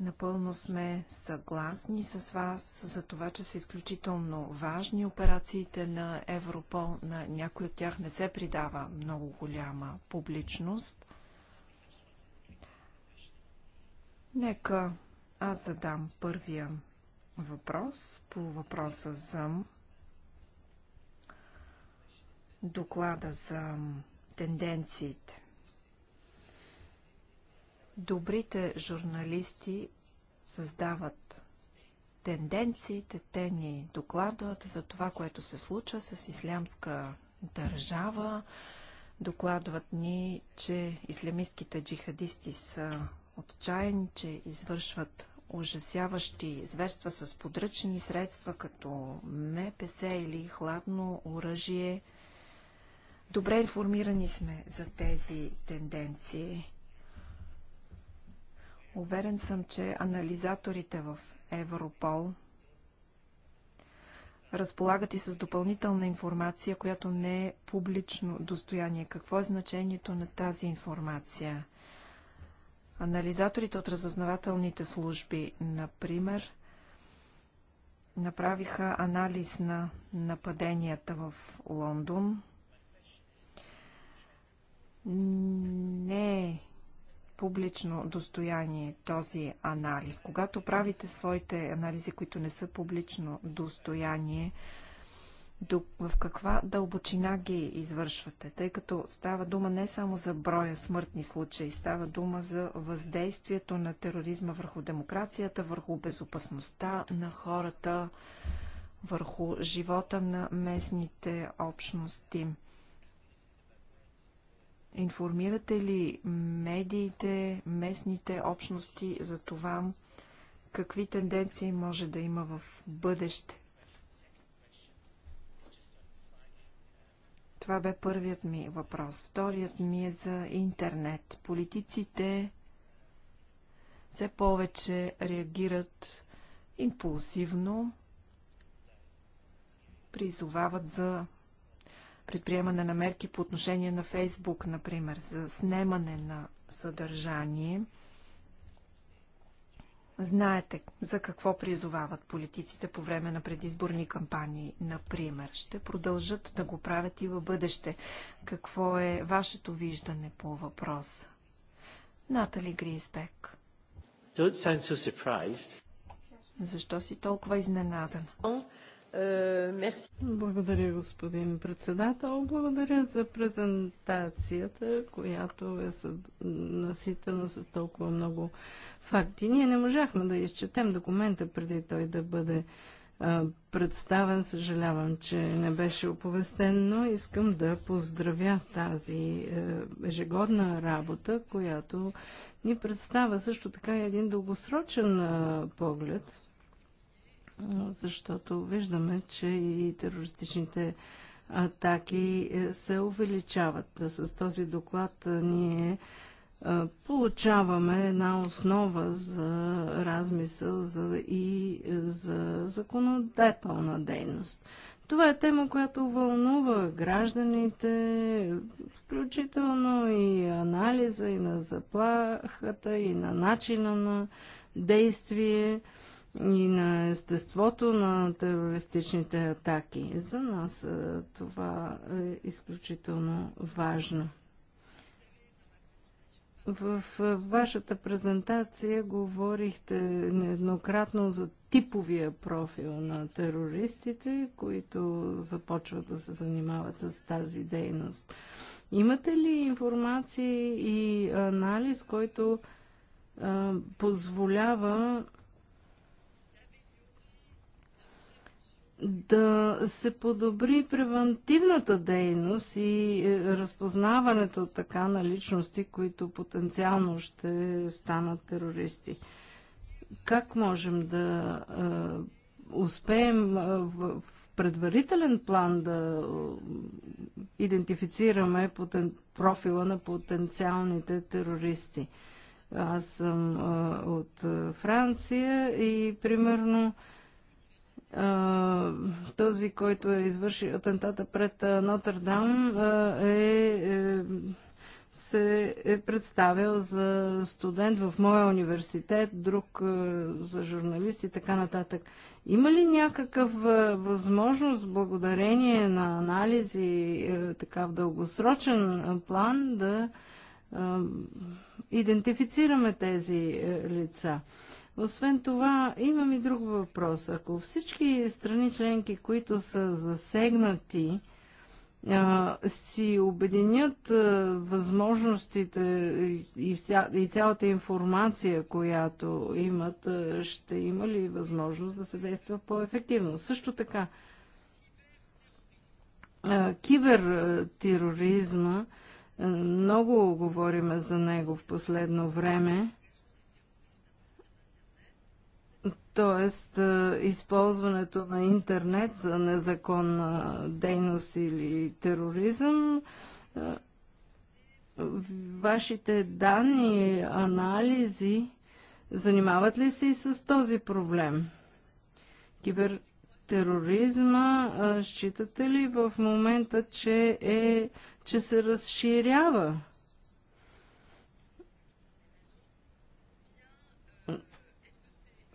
Напълно сме съгласни с вас за това, че са изключително важни операциите на Европол. На някои от тях не се придава много голяма публичност. Нека аз задам първия въпрос по въпроса за доклада за тенденциите. Добрите журналисти създават тенденциите, те ни докладват за това, което се случва с ислямска държава. Докладват ни, че ислямистските джихадисти са отчаяни, че извършват ужасяващи зверства с подръчни средства, като МПС или хладно оръжие – Добре информирани сме за тези тенденции. Уверен съм, че анализаторите в Европол разполагат и с допълнителна информация, която не е публично достояние. Какво е значението на тази информация? Анализаторите от разъзнавателните служби, например, направиха анализ на нападенията в Лондон – не е публично достояние този анализ. Когато правите своите анализи, които не са публично достояние, до, в каква дълбочина ги извършвате? Тъй като става дума не само за броя смъртни случаи, става дума за въздействието на тероризма върху демокрацията, върху безопасността на хората, върху живота на местните общности. Информирате ли медиите, местните общности за това, какви тенденции може да има в бъдеще? Това бе първият ми въпрос. Вторият ми е за интернет. Политиците все повече реагират импулсивно, призовават за предприемане на мерки по отношение на Фейсбук, например, за снемане на съдържание. Знаете за какво призовават политиците по време на предизборни кампании, например. Ще продължат да го правят и в бъдеще. Какво е вашето виждане по въпроса? Натали Гризбек. Don't sound so surprised. Защо си толкова изненадана? Е, Благодаря, господин председател. Благодаря за презентацията, която е наситена с толкова много факти. Ние не можахме да изчетем документа преди той да бъде представен. Съжалявам, че не беше оповестен, но искам да поздравя тази е, ежегодна работа, която ни представя също така един дългосрочен поглед – защото виждаме, че и терористичните атаки е, се увеличават. С този доклад е, ние е, получаваме една основа за размисъл за и за законодателна дейност. Това е тема, която вълнува гражданите, включително и анализа и на заплахата, и на начина на действие и на естеството на терористичните атаки. За нас е, това е изключително важно. В е, вашата презентация говорихте нееднократно за типовия профил на терористите, които започват да се занимават с тази дейност. Имате ли информация и анализ, който е, позволява да се подобри превентивната дейност и е, разпознаването така на личности, които потенциално ще станат терористи. Как можем да е, успеем е, в предварителен план да е, идентифицираме потен... профила на потенциалните терористи? Аз съм е, от Франция и примерно е, този, който е извършил атентата пред Нотърдам, е, е, се е представил за студент в моя университет, друг за журналист и така нататък. Има ли някакъв възможност, благодарение на анализи така в дългосрочен план, да идентифицираме тези лица? Освен това, имам и друг въпрос. Ако всички страни членки, които са засегнати, а, си обединят а, възможностите и, вся, и цялата информация, която имат, а, ще има ли възможност да се действа по-ефективно? Също така, кибертероризма, много говориме за него в последно време, Тоест, използването на интернет за незаконна дейност или тероризъм, вашите данни, анализи, занимават ли се и с този проблем? Кибертероризма, считате ли в момента, че, е, че се разширява?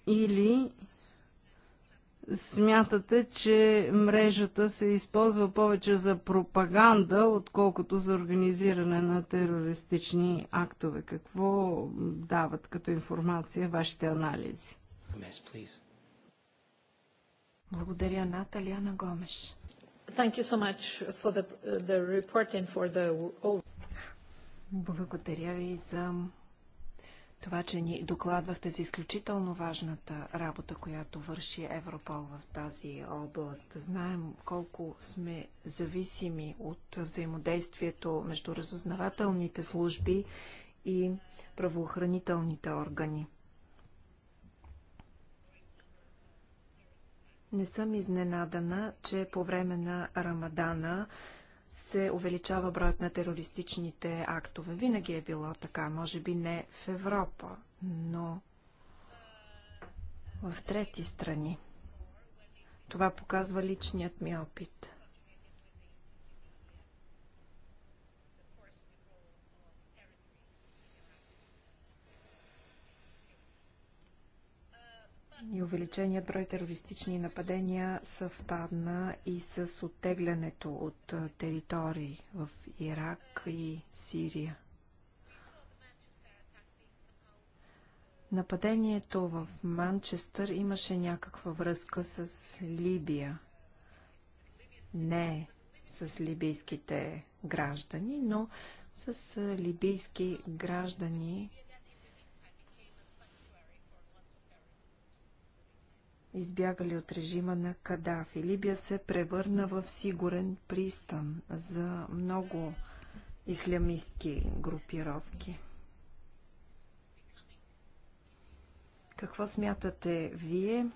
Или смятате, че мрежата се използва повече за пропаганда, отколкото за организиране на терористични актове? Какво дават като информация вашите анализи? Yes, Благодаря, Наталия Гомеш. Thank you so much for the, the for the... Благодаря ви за това, че ни докладвахте за изключително важната работа, която върши Европол в тази област. Знаем колко сме зависими от взаимодействието между разузнавателните служби и правоохранителните органи. Не съм изненадана, че по време на Рамадана се увеличава броят на терористичните актове. Винаги е било така, може би не в Европа, но в трети страни. Това показва личният ми опит. и увеличеният брой терористични нападения съвпадна и с оттеглянето от територии в Ирак и Сирия. Нападението в Манчестър имаше някаква връзка с Либия. Не с либийските граждани, но с либийски граждани, избягали от режима на Кадафи. Либия се превърна в сигурен пристан за много ислямистки групировки. Какво смятате вие?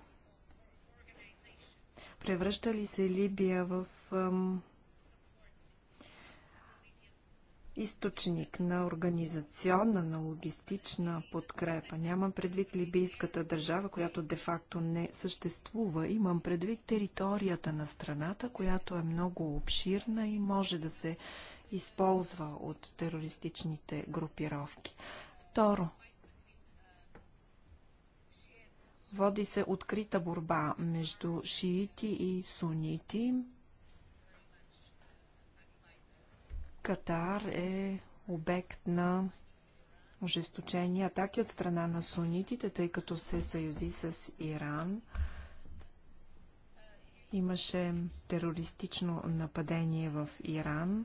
Превръща ли се Либия в източник на организационна, на логистична подкрепа. Нямам предвид либийската държава, която де-факто не съществува. Имам предвид територията на страната, която е много обширна и може да се използва от терористичните групировки. Второ, води се открита борба между шиити и сунити, Катар е обект на ожесточени атаки от страна на сунитите, тъй като се съюзи с Иран. Имаше терористично нападение в Иран.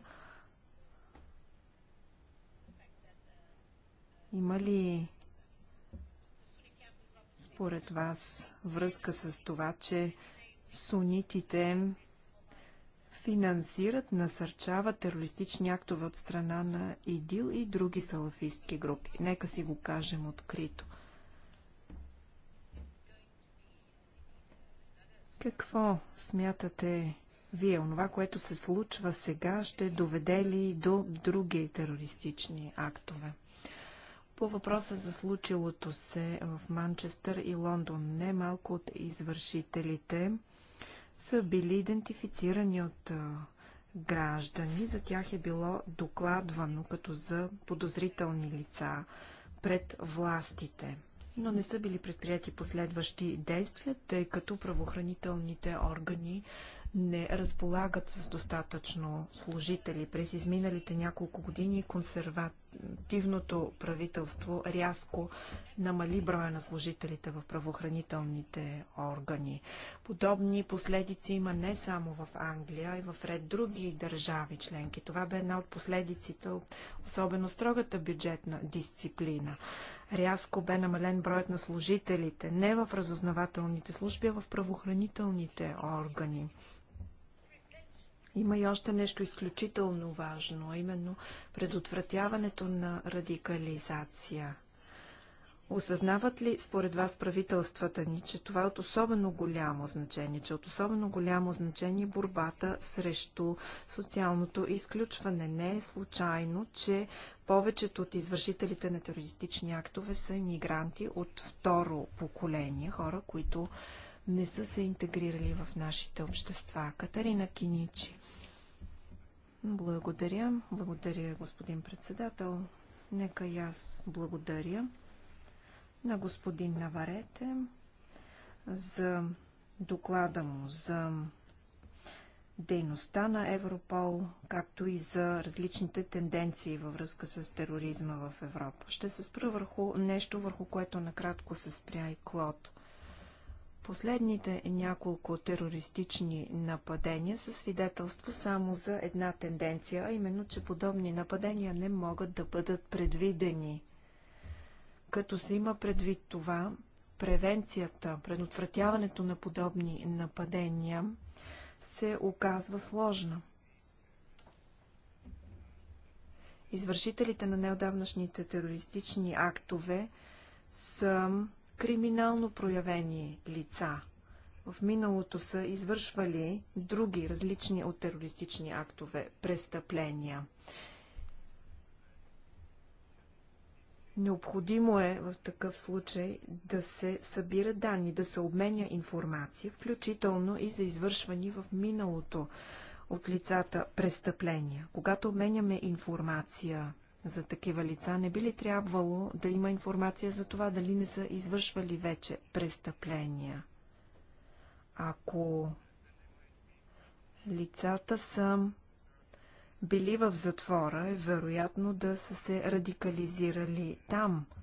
Има ли според вас връзка с това, че сунитите финансират, насърчават терористични актове от страна на ИДИЛ и други салафистки групи. Нека си го кажем открито. Какво смятате вие, онова, което се случва сега, ще доведе ли до други терористични актове? По въпроса за случилото се в Манчестър и Лондон, немалко от извършителите са били идентифицирани от граждани. За тях е било докладвано като за подозрителни лица пред властите. Но не са били предприяти последващи действия, тъй като правоохранителните органи не разполагат с достатъчно служители. През изминалите няколко години консервативното правителство рязко намали броя на служителите в правоохранителните органи. Подобни последици има не само в Англия, а и в ред други държави членки. Това бе една от последиците, особено строгата бюджетна дисциплина. Рязко бе намален броят на служителите не в разузнавателните служби, а в правоохранителните органи. Има и още нещо изключително важно, а именно предотвратяването на радикализация. Осъзнават ли според вас правителствата ни, че това е от особено голямо значение, че от особено голямо значение борбата срещу социалното изключване? Не е случайно, че повечето от извършителите на терористични актове са иммигранти от второ поколение, хора, които не са се интегрирали в нашите общества. Катерина Киничи. Благодаря. Благодаря, господин председател. Нека и аз благодаря на господин Наварете за доклада му за дейността на Европол, както и за различните тенденции във връзка с тероризма в Европа. Ще се спра върху нещо, върху което накратко се спря и Клод. Последните няколко терористични нападения са свидетелство само за една тенденция, а именно, че подобни нападения не могат да бъдат предвидени. Като се има предвид това, превенцията, предотвратяването на подобни нападения се оказва сложна. Извършителите на неодавнашните терористични актове са криминално проявени лица. В миналото са извършвали други различни от терористични актове престъпления. Необходимо е в такъв случай да се събира данни, да се обменя информация, включително и за извършвани в миналото от лицата престъпления. Когато обменяме информация за такива лица, не би ли трябвало да има информация за това, дали не са извършвали вече престъпления? Ако лицата са били в затвора, е вероятно да са се радикализирали там –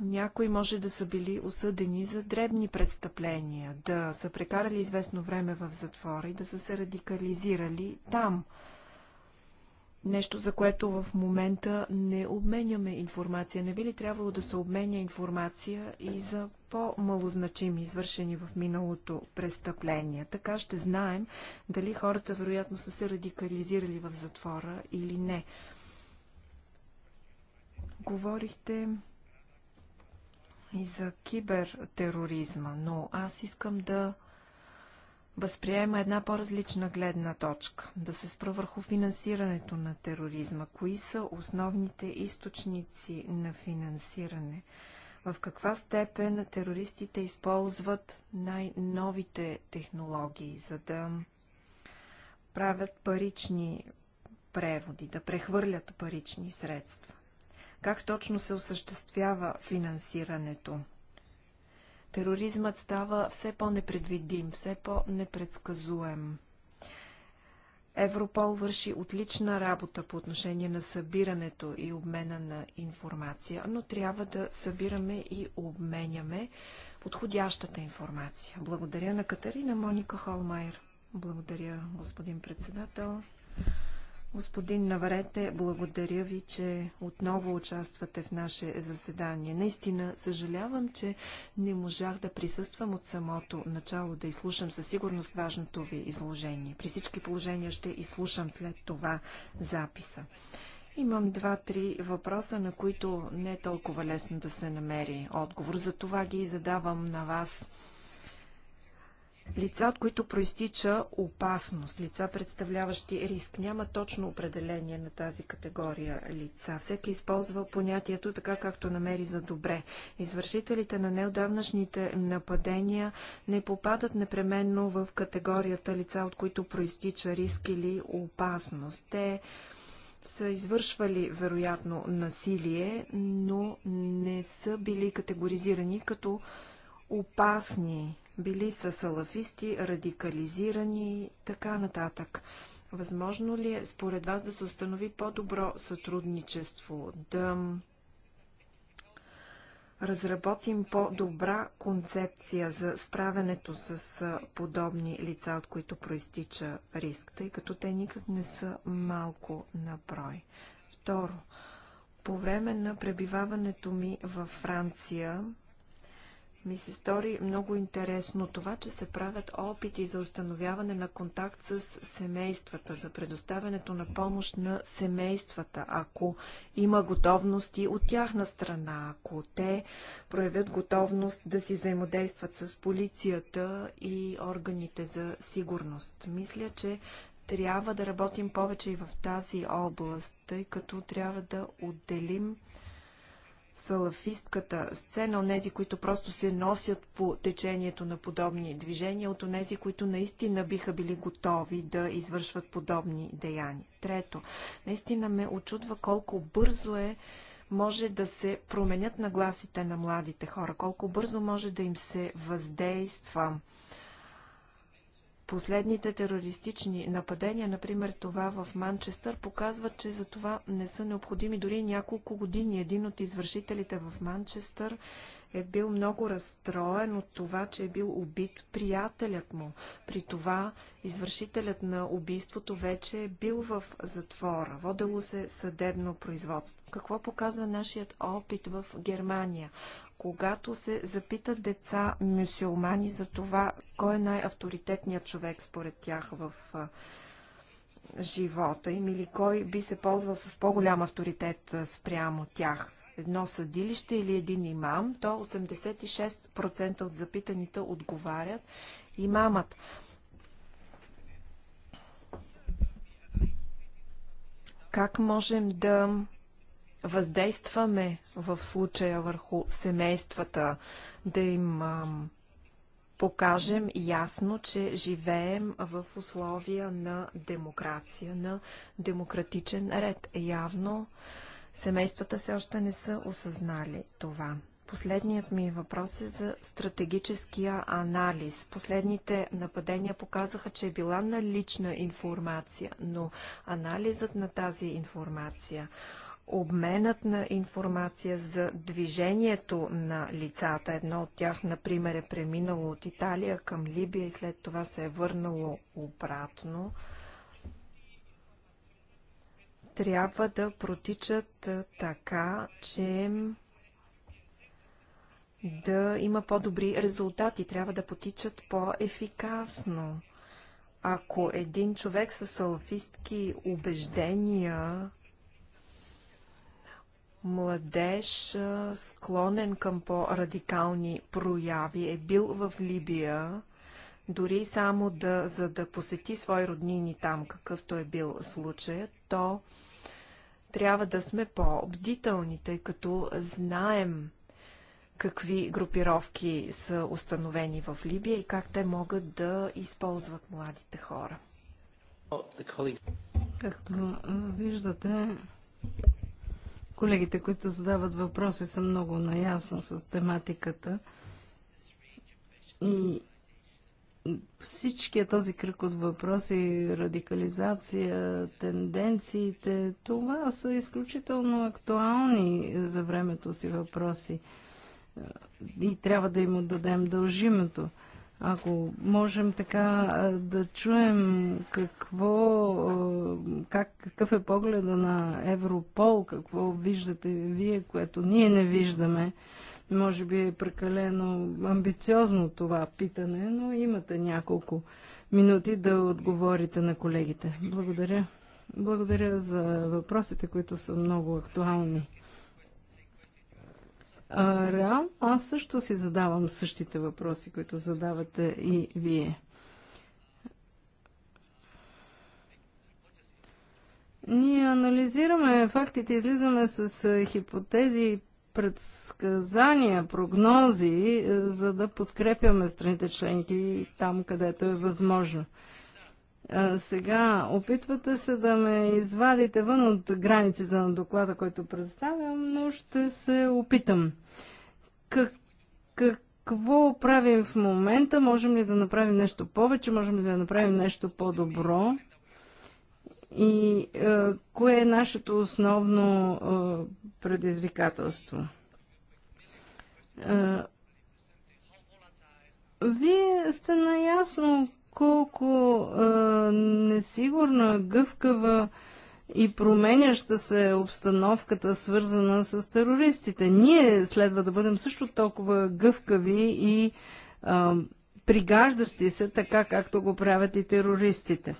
Някои може да са били осъдени за дребни престъпления, да са прекарали известно време в затвора и да са се радикализирали там. Нещо, за което в момента не обменяме информация. Не би ли трябвало да се обменя информация и за по-малозначими, извършени в миналото престъпления? Така ще знаем дали хората вероятно са се радикализирали в затвора или не. Говорихте и за кибертероризма, но аз искам да възприема една по-различна гледна точка, да се спра върху финансирането на тероризма. Кои са основните източници на финансиране? В каква степен терористите използват най-новите технологии, за да правят парични преводи, да прехвърлят парични средства? Как точно се осъществява финансирането? Тероризмът става все по-непредвидим, все по-непредсказуем. Европол върши отлична работа по отношение на събирането и обмена на информация, но трябва да събираме и обменяме подходящата информация. Благодаря на Катарина Моника Холмайер. Благодаря, господин председател. Господин Наврете, благодаря ви, че отново участвате в наше заседание. Наистина съжалявам, че не можах да присъствам от самото начало, да изслушам със сигурност важното ви изложение. При всички положения ще изслушам след това записа. Имам два-три въпроса, на които не е толкова лесно да се намери отговор. За това ги задавам на вас лица, от които проистича опасност, лица, представляващи риск. Няма точно определение на тази категория лица. Всеки използва понятието така, както намери за добре. Извършителите на неодавнашните нападения не попадат непременно в категорията лица, от които проистича риск или опасност. Те са извършвали вероятно насилие, но не са били категоризирани като опасни били са салафисти, радикализирани и така нататък. Възможно ли е според вас да се установи по-добро сътрудничество, да разработим по-добра концепция за справянето с подобни лица, от които проистича риск, тъй като те никак не са малко на брой. Второ, по време на пребиваването ми във Франция ми се стори много интересно това, че се правят опити за установяване на контакт с семействата, за предоставянето на помощ на семействата, ако има готовности от тяхна страна, ако те проявят готовност да си взаимодействат с полицията и органите за сигурност. Мисля, че трябва да работим повече и в тази област, тъй като трябва да отделим салафистката сцена, онези, които просто се носят по течението на подобни движения, от онези, които наистина биха били готови да извършват подобни деяния. Трето, наистина ме очудва колко бързо е може да се променят нагласите на младите хора, колко бързо може да им се въздейства Последните терористични нападения, например това в Манчестър, показват, че за това не са необходими дори няколко години. Един от извършителите в Манчестър е бил много разстроен от това, че е бил убит приятелят му. При това извършителят на убийството вече е бил в затвора. Водело се съдебно производство. Какво показва нашият опит в Германия? Когато се запитат деца мюсюлмани за това, кой е най-авторитетният човек според тях в живота им или кой би се ползвал с по-голям авторитет спрямо тях, едно съдилище или един имам, то 86% от запитаните отговарят имамът. Как можем да въздействаме в случая върху семействата, да им покажем ясно, че живеем в условия на демокрация, на демократичен ред. Явно семействата все още не са осъзнали това. Последният ми въпрос е за стратегическия анализ. Последните нападения показаха, че е била налична информация, но анализът на тази информация – обменът на информация за движението на лицата. Едно от тях, например, е преминало от Италия към Либия и след това се е върнало обратно. Трябва да протичат така, че да има по-добри резултати. Трябва да потичат по-ефикасно. Ако един човек с салафистки убеждения младеж, склонен към по-радикални прояви, е бил в Либия, дори само да, за да посети свои роднини там, какъвто е бил случай, то трябва да сме по-бдителни, тъй като знаем какви групировки са установени в Либия и как те могат да използват младите хора. Както виждате, Колегите, които задават въпроси, са много наясно с тематиката. И всичкия този кръг от въпроси, радикализация, тенденциите, това са изключително актуални за времето си въпроси. И трябва да им отдадем дължимето. Ако можем така да чуем какво, как, какъв е погледа на Европол, какво виждате вие, което ние не виждаме, може би е прекалено амбициозно това питане, но имате няколко минути да отговорите на колегите. Благодаря. Благодаря за въпросите, които са много актуални. Реал, аз също си задавам същите въпроси, които задавате и вие. Ние анализираме фактите, излизаме с хипотези, предсказания, прогнози, за да подкрепяме страните членки там, където е възможно. А, сега опитвате се да ме извадите вън от границите на доклада, който представям, но ще се опитам. Как, какво правим в момента? Можем ли да направим нещо повече? Можем ли да направим нещо по-добро? И е, кое е нашето основно е, предизвикателство? Е, вие сте наясно колко а, несигурна, гъвкава и променяща се е обстановката, свързана с терористите. Ние следва да бъдем също толкова гъвкави и а, пригаждащи се, така както го правят и терористите.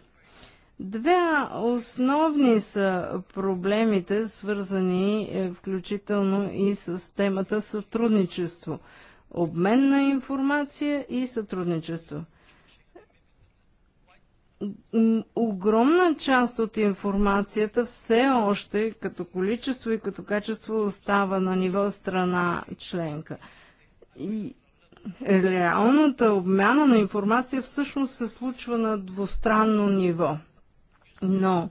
Две основни са проблемите, свързани е, включително и с темата сътрудничество. Обмен на информация и сътрудничество – огромна част от информацията все още като количество и като качество остава на ниво страна членка. И реалната обмяна на информация всъщност се случва на двустранно ниво. Но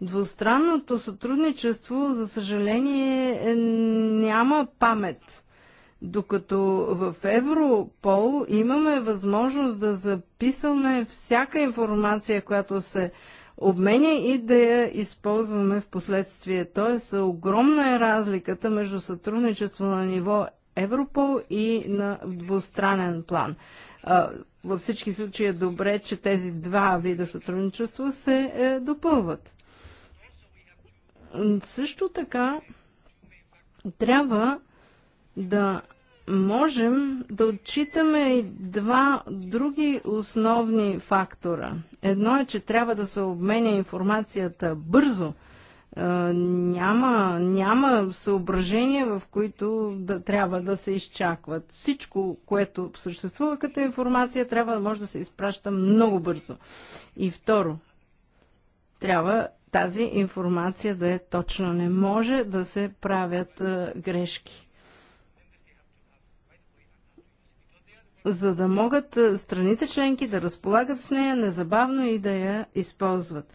двустранното сътрудничество, за съжаление, е, няма памет. Докато в Европол имаме възможност да записваме всяка информация, която се обменя и да я използваме в последствие. Тоест, огромна е разликата между сътрудничество на ниво Европол и на двустранен план. във всички случаи е добре, че тези два вида сътрудничество се е, допълват. Също така трябва да можем да отчитаме и два други основни фактора. Едно е, че трябва да се обменя информацията бързо. Е, няма, няма съображения, в които да трябва да се изчакват. Всичко, което съществува като информация, трябва да може да се изпраща много бързо. И второ, трябва тази информация да е точна. Не може да се правят е, грешки за да могат е, страните членки да разполагат с нея незабавно и да я използват.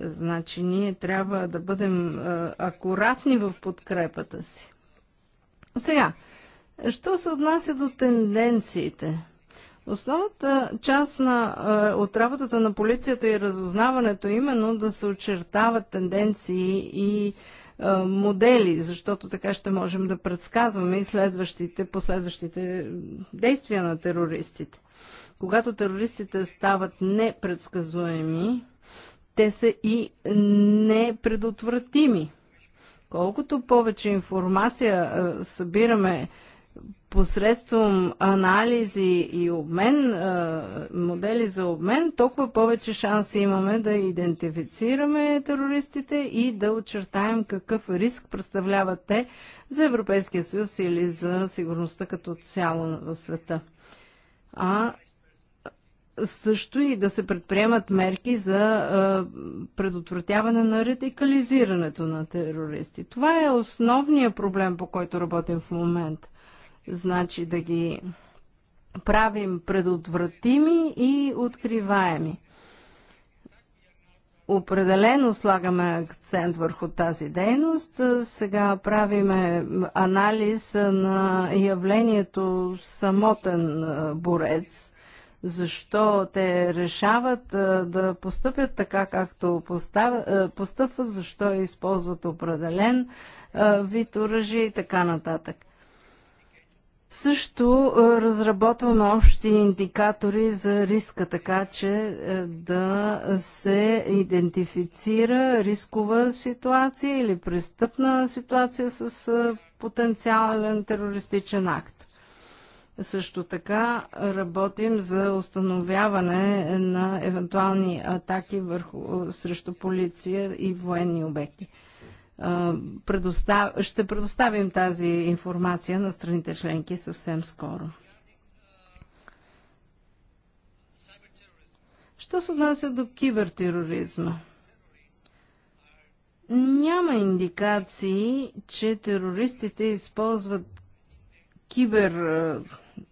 Значи ние трябва да бъдем е, акуратни в подкрепата си. Сега, що се отнася до тенденциите? Основната част на, е, от работата на полицията и разузнаването именно да се очертават тенденции и модели, защото така ще можем да предсказваме и следващите, последващите действия на терористите. Когато терористите стават непредсказуеми, те са и непредотвратими. Колкото повече информация събираме посредством анализи и обмен, модели за обмен, толкова повече шанси имаме да идентифицираме терористите и да очертаем какъв риск представляват те за Европейския съюз или за сигурността като цяло в света. А също и да се предприемат мерки за предотвратяване на радикализирането на терористи. Това е основният проблем, по който работим в момента. Значи да ги правим предотвратими и откриваеми. Определено слагаме акцент върху тази дейност. Сега правиме анализ на явлението самотен борец. Защо те решават да постъпят така, както постъпват, защо използват определен вид оръжие и така нататък. Също е, разработваме общи индикатори за риска, така че е, да се идентифицира рискова ситуация или престъпна ситуация с е, потенциален терористичен акт. Също така работим за установяване на евентуални атаки върху, срещу полиция и военни обекти предостав... ще предоставим тази информация на страните членки съвсем скоро. Що се отнася до кибертероризма? Няма индикации, че терористите използват кибер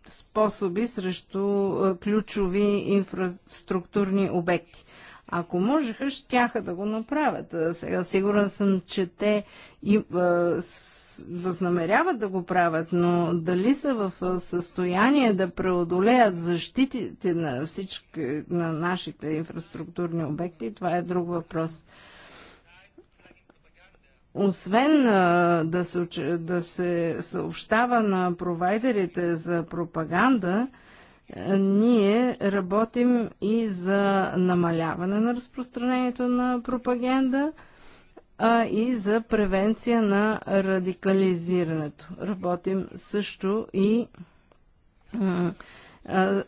способи срещу ключови инфраструктурни обекти. Ако можеха, щяха да го направят. Сега сигурен съм, че те и, възнамеряват да го правят, но дали са в състояние да преодолеят защитите на всички на нашите инфраструктурни обекти, това е друг въпрос. Освен да се, да се съобщава на провайдерите за пропаганда, ние работим и за намаляване на разпространението на пропаганда, а и за превенция на радикализирането. Работим също и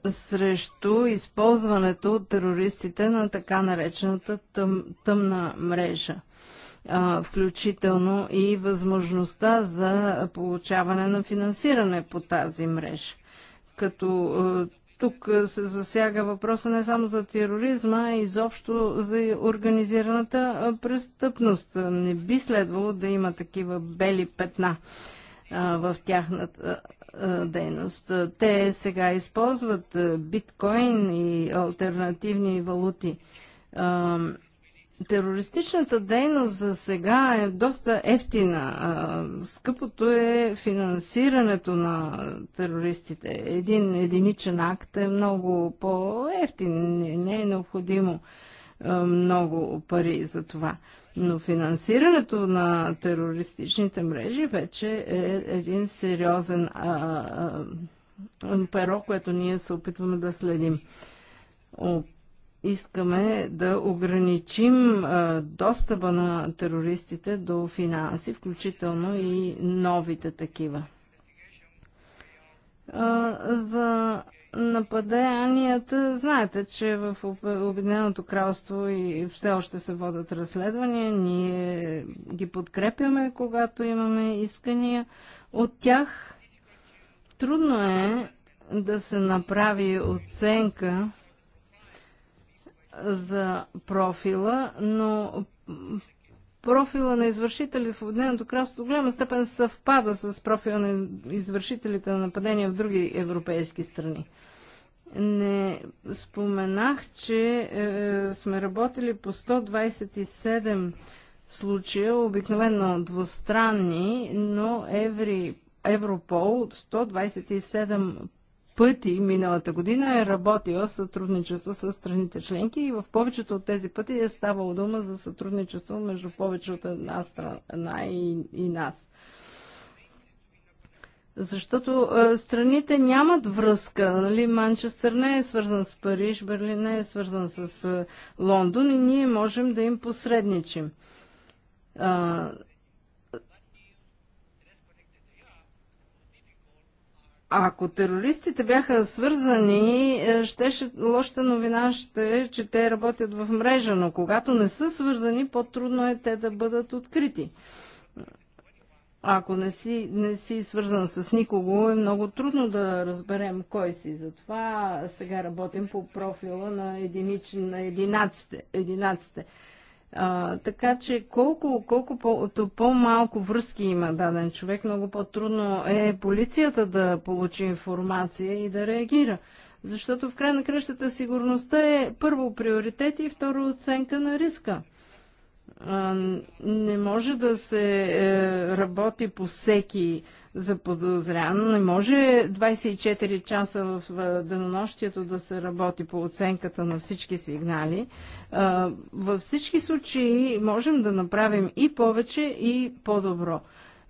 срещу използването от терористите на така наречената тъм, тъмна мрежа, а, включително и възможността за получаване на финансиране по тази мрежа като е, тук е, се засяга въпроса не само за тероризма, а изобщо за организираната е, престъпност. Не би следвало да има такива бели петна в тяхната дейност. Те сега използват биткоин и альтернативни валути. Терористичната дейност за сега е доста ефтина. Скъпото е финансирането на терористите. Един единичен акт е много по-ефтин. Не е необходимо много пари за това. Но финансирането на терористичните мрежи вече е един сериозен перо, което ние се опитваме да следим искаме да ограничим достъпа на терористите до финанси, включително и новите такива. За нападанията, знаете, че в Обединеното кралство и все още се водят разследвания. Ние ги подкрепяме, когато имаме искания от тях. Трудно е да се направи оценка за профила, но профила на извършителите в Обединеното кралство до голяма степен съвпада с профила на извършителите на нападения в други европейски страни. Не споменах, че е, сме работили по 127 случая, обикновено двустранни, но Еври, Европол 127 пъти миналата година е работила в сътрудничество с страните членки и в повечето от тези пъти е ставало дума за сътрудничество между повече от една страна и, и нас. Защото е, страните нямат връзка. Нали? Манчестър не е свързан с Париж, Берлин не е свързан с е, Лондон и ние можем да им посредничим. Ако терористите бяха свързани, е, щеше, лошата новина ще е, че те работят в мрежа, но когато не са свързани, по-трудно е те да бъдат открити. Ако не си, не си свързан с никого, е много трудно да разберем кой си. Затова сега работим по профила на, единиците. единаците. А, така че колко, колко по, по-малко връзки има даден човек, много по-трудно е полицията да получи информация и да реагира. Защото в край на кръщата сигурността е първо приоритет и второ оценка на риска не може да се е, работи по всеки заподозрян. Не може 24 часа в денонощието да се работи по оценката на всички сигнали. Във всички случаи можем да направим и повече, и по-добро.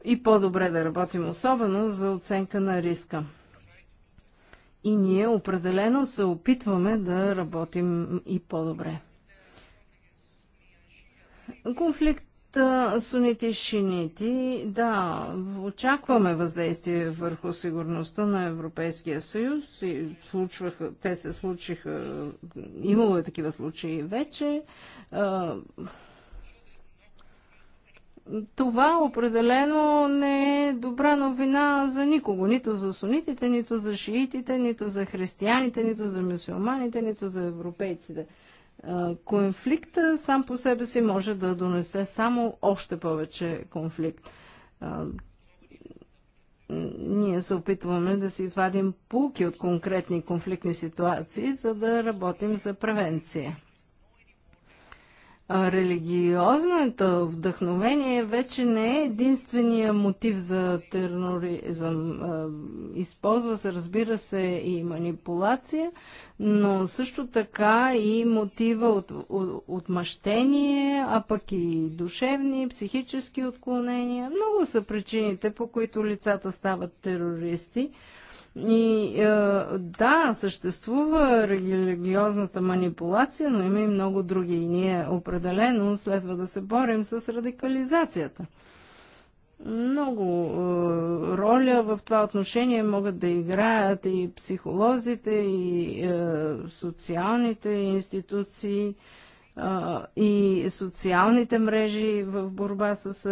И по-добре да работим, особено за оценка на риска. И ние определено се опитваме да работим и по-добре. Конфликт сунити и шинити, да, очакваме въздействие върху сигурността на Европейския съюз. И случваха, те се случиха, имало е такива случаи вече. Това определено не е добра новина за никого, нито за сунитите, нито за шиитите, нито за християните, нито за мюсюлманите, нито за европейците. Конфликта сам по себе си може да донесе само още повече конфликт. Ние се опитваме да си извадим пулки от конкретни конфликтни ситуации, за да работим за превенция религиозното вдъхновение вече не е единствения мотив за тероризъм. Използва се, разбира се, и манипулация, но също така и мотива от, от, отмъщение, а пък и душевни, психически отклонения. Много са причините, по които лицата стават терористи. И е, да, съществува религиозната манипулация, но има и много други. И ние определено следва да се борим с радикализацията. Много е, роля в това отношение могат да играят и психолозите, и е, социалните институции и социалните мрежи в борба с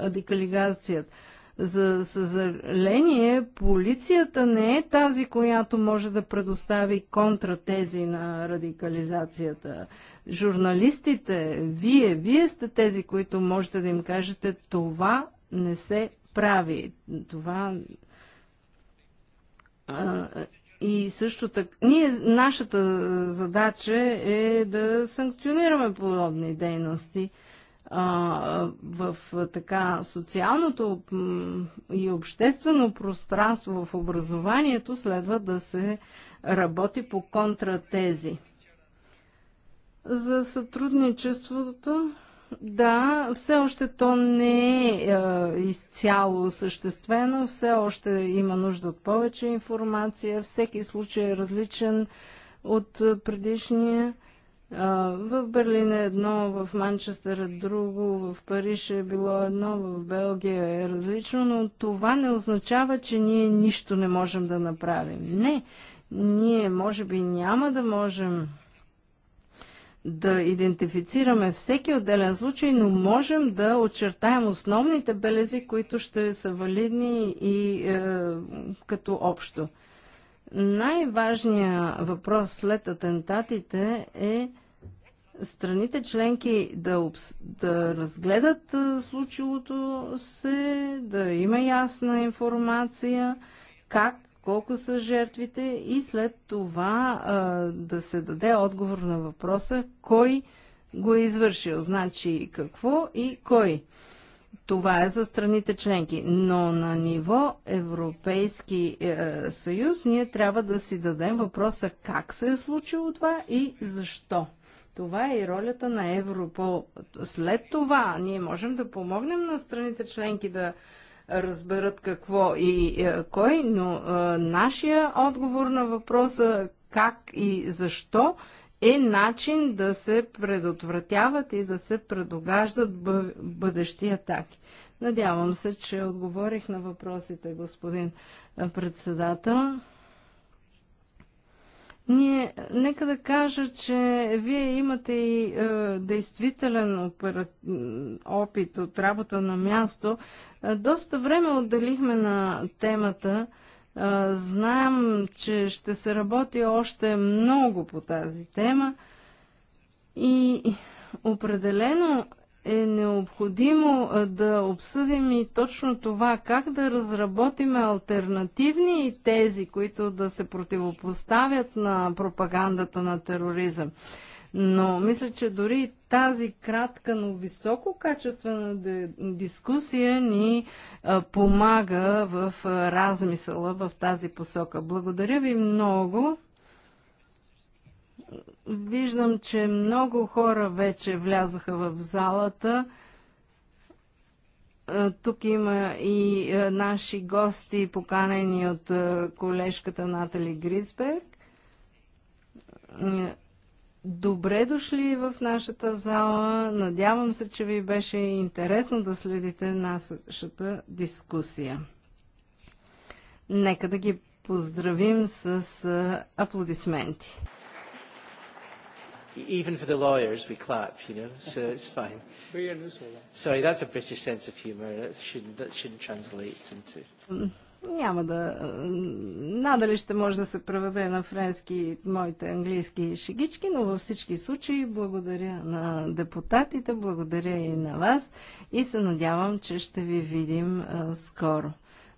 радикализацията. За съжаление, полицията не е тази, която може да предостави контратези на радикализацията. Журналистите, вие, вие сте тези, които можете да им кажете това не се прави. Това и също така, ние, нашата задача е да санкционираме подобни дейности в така социалното и обществено пространство в образованието следва да се работи по контратези. За сътрудничеството, да, все още то не е, е изцяло съществено, все още има нужда от повече информация, всеки случай е различен от е, предишния. В Берлин е едно, в Манчестър е друго, в Париж е било едно, в Белгия е различно, но това не означава, че ние нищо не можем да направим. Не, ние може би няма да можем да идентифицираме всеки отделен случай, но можем да очертаем основните белези, които ще са валидни и е, като общо. Най-важният въпрос след атентатите е страните членки да, обс... да разгледат случилото се, да има ясна информация как, колко са жертвите и след това а, да се даде отговор на въпроса кой го е извършил, значи какво и кой. Това е за страните членки. Но на ниво Европейски е, съюз ние трябва да си дадем въпроса как се е случило това и защо. Това е и ролята на Европол. След това ние можем да помогнем на страните членки да разберат какво и е, кой, но е, нашия отговор на въпроса как и защо е начин да се предотвратяват и да се предогаждат бъдещи атаки. Надявам се, че отговорих на въпросите, господин председател. Ние, нека да кажа, че вие имате и е, действителен опера... опит от работа на място. Доста време отделихме на темата. Знам, че ще се работи още много по тази тема и определено е необходимо да обсъдим и точно това, как да разработим альтернативни тези, които да се противопоставят на пропагандата на тероризъм. Но мисля, че дори тази кратка, но високо качествена дискусия ни помага в размисъла в тази посока. Благодаря ви много. Виждам, че много хора вече влязоха в залата. Тук има и наши гости, поканени от колежката Натали Грисберг. Добре дошли в нашата зала. Надявам се, че ви беше интересно да следите нашата дискусия. Нека да ги поздравим с аплодисменти. Even for the lawyers, we clap, you know, so it's fine. Sorry, that's a British sense of humor. It shouldn't, that shouldn't translate into. Няма да... Надали ще може да се преведе на френски моите английски шегички, но във всички случаи благодаря на депутатите, благодаря и на вас и се надявам, че ще ви видим а, скоро.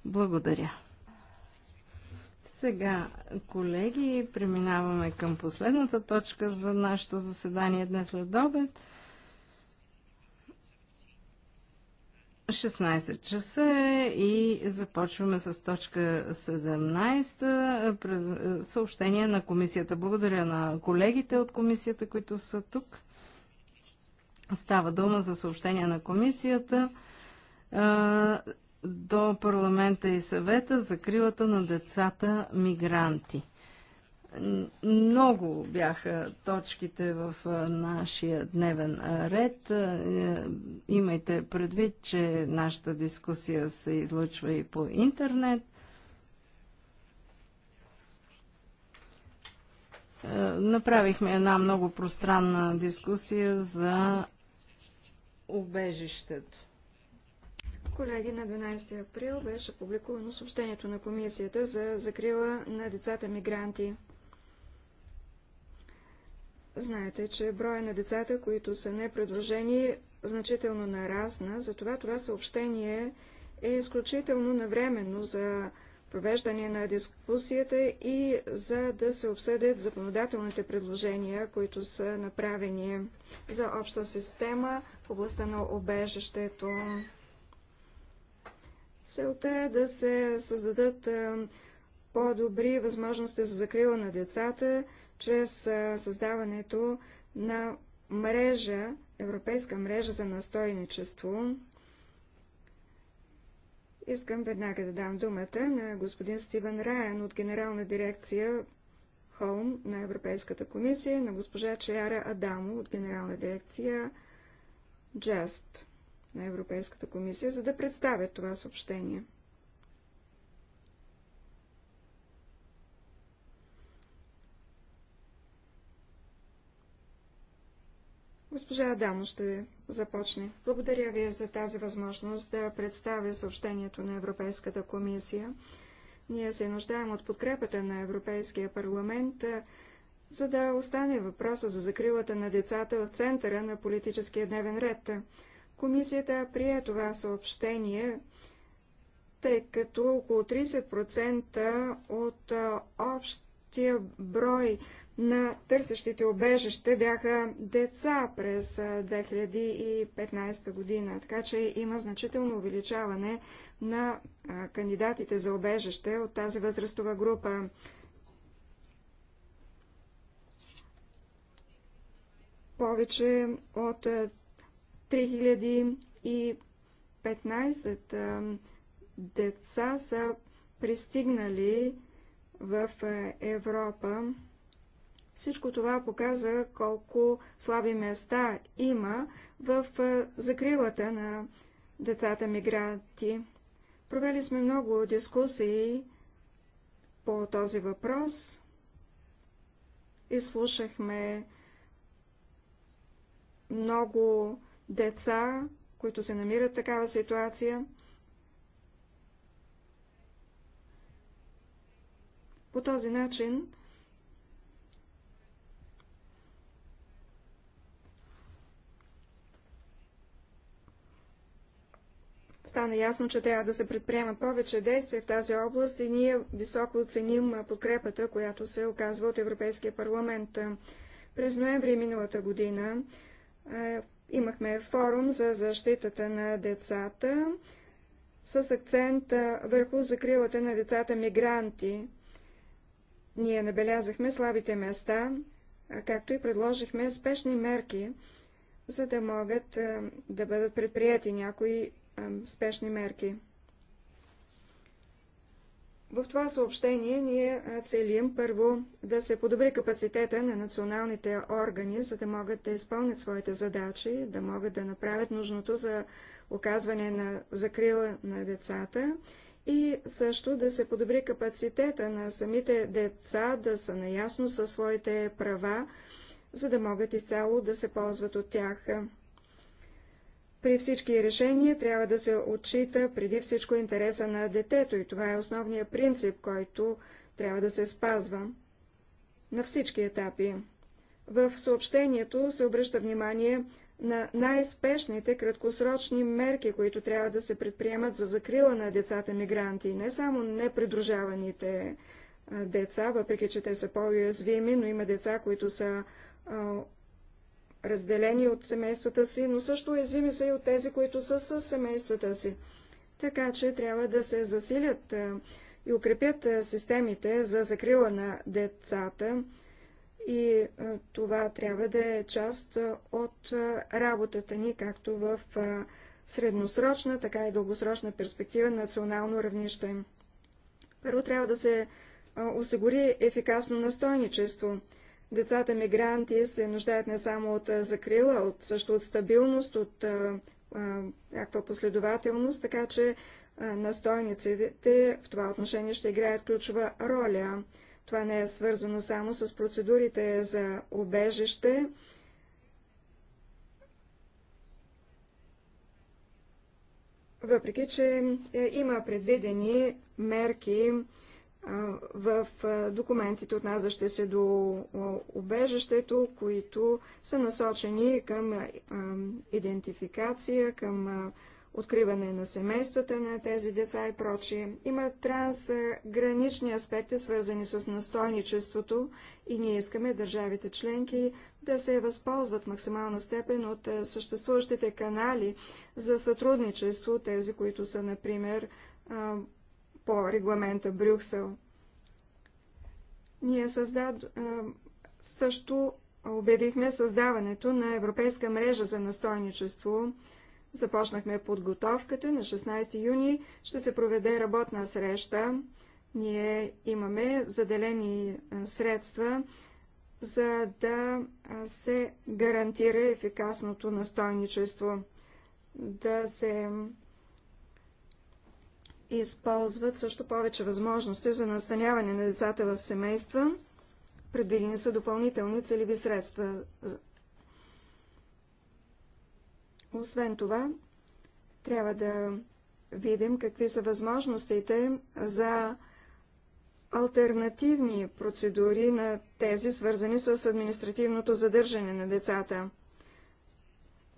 Благодаря. Сега, колеги, преминаваме към последната точка за нашето заседание днес след обед. 16 часа и започваме с точка 17, съобщение на комисията. Благодаря на колегите от комисията, които са тук. Става дума за съобщение на комисията до парламента и съвета за крилата на децата мигранти. Много бяха точките в нашия дневен ред. Е, имайте предвид, че нашата дискусия се излъчва и по интернет. Е, направихме една много пространна дискусия за убежището. Колеги, на 12 април беше публикувано съобщението на Комисията за закрила на децата мигранти. Знаете, че броя на децата, които са непредложени, значително нарасна, затова това съобщение е изключително навременно за провеждане на дискусията и за да се обсъдят законодателните предложения, които са направени за обща система в областта на обежището. Целта е да се създадат по-добри възможности за закрила на децата, чрез създаването на мрежа, европейска мрежа за настойничество. Искам веднага да дам думата на господин Стивен Райан от Генерална дирекция Холм на Европейската комисия, и на госпожа Чаяра Адамо от Генерална дирекция Just на Европейската комисия, за да представят това съобщение. Госпожа Адамо ще започне. Благодаря ви за тази възможност да представя съобщението на Европейската комисия. Ние се нуждаем от подкрепата на Европейския парламент, за да остане въпроса за закрилата на децата в центъра на политическия дневен ред. Комисията прие това съобщение, тъй като около 30% от общия брой на търсещите обежище бяха деца през 2015 година, така че има значително увеличаване на кандидатите за обежище от тази възрастова група. Повече от 3015 деца са пристигнали в Европа всичко това показа колко слаби места има в закрилата на децата мигранти. Провели сме много дискусии по този въпрос и слушахме много деца, които се намират в такава ситуация. По този начин стана ясно, че трябва да се предприемат повече действия в тази област и ние високо оценим подкрепата, която се оказва от Европейския парламент. През ноември миналата година имахме форум за защитата на децата с акцент върху закрилата на децата мигранти. Ние набелязахме слабите места, както и предложихме спешни мерки, за да могат да бъдат предприяти някои спешни мерки. В това съобщение ние целим първо да се подобри капацитета на националните органи, за да могат да изпълнят своите задачи, да могат да направят нужното за оказване на закрила на децата и също да се подобри капацитета на самите деца да са наясно със своите права, за да могат изцяло да се ползват от тях. При всички решения трябва да се отчита преди всичко интереса на детето и това е основният принцип, който трябва да се спазва на всички етапи. В съобщението се обръща внимание на най-спешните краткосрочни мерки, които трябва да се предприемат за закрила на децата мигранти, не само непридружаваните деца, въпреки че те са по-уязвими, но има деца, които са разделени от семействата си, но също уязвими са и от тези, които са с семействата си. Така че трябва да се засилят и укрепят системите за закрила на децата и това трябва да е част от работата ни, както в средносрочна, така и дългосрочна перспектива на национално равнище. Първо трябва да се осигури ефикасно настойничество. Децата мигранти се нуждаят не само от закрила, от, също от стабилност, от а, някаква последователност, така че а, настойниците в това отношение ще играят ключова роля. Това не е свързано само с процедурите за обежище. Въпреки, че е, има предвидени мерки в документите, отнасящи се до убежището, които са насочени към идентификация, към откриване на семействата на тези деца и прочие. Има трансгранични аспекти, свързани с настойничеството и ние искаме държавите членки да се възползват максимална степен от съществуващите канали за сътрудничество, тези, които са, например, по регламента Брюксел. Ние създад... също обявихме създаването на Европейска мрежа за настойничество. Започнахме подготовката. На 16 юни ще се проведе работна среща. Ние имаме заделени средства, за да се гарантира ефикасното настойничество, да се използват също повече възможности за настаняване на децата в семейства. Предвидени са допълнителни целеви средства. Освен това, трябва да видим какви са възможностите за альтернативни процедури на тези, свързани с административното задържане на децата.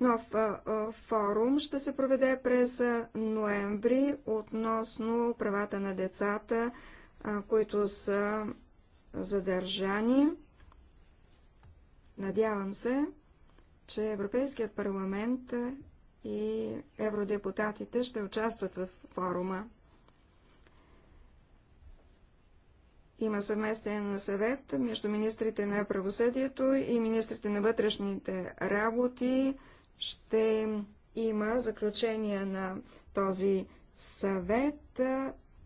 Нов форум ще се проведе през ноември относно правата на децата, които са задържани. Надявам се, че Европейският парламент и евродепутатите ще участват в форума. Има съвместен съвет между министрите на правосъдието и министрите на вътрешните работи ще има заключение на този съвет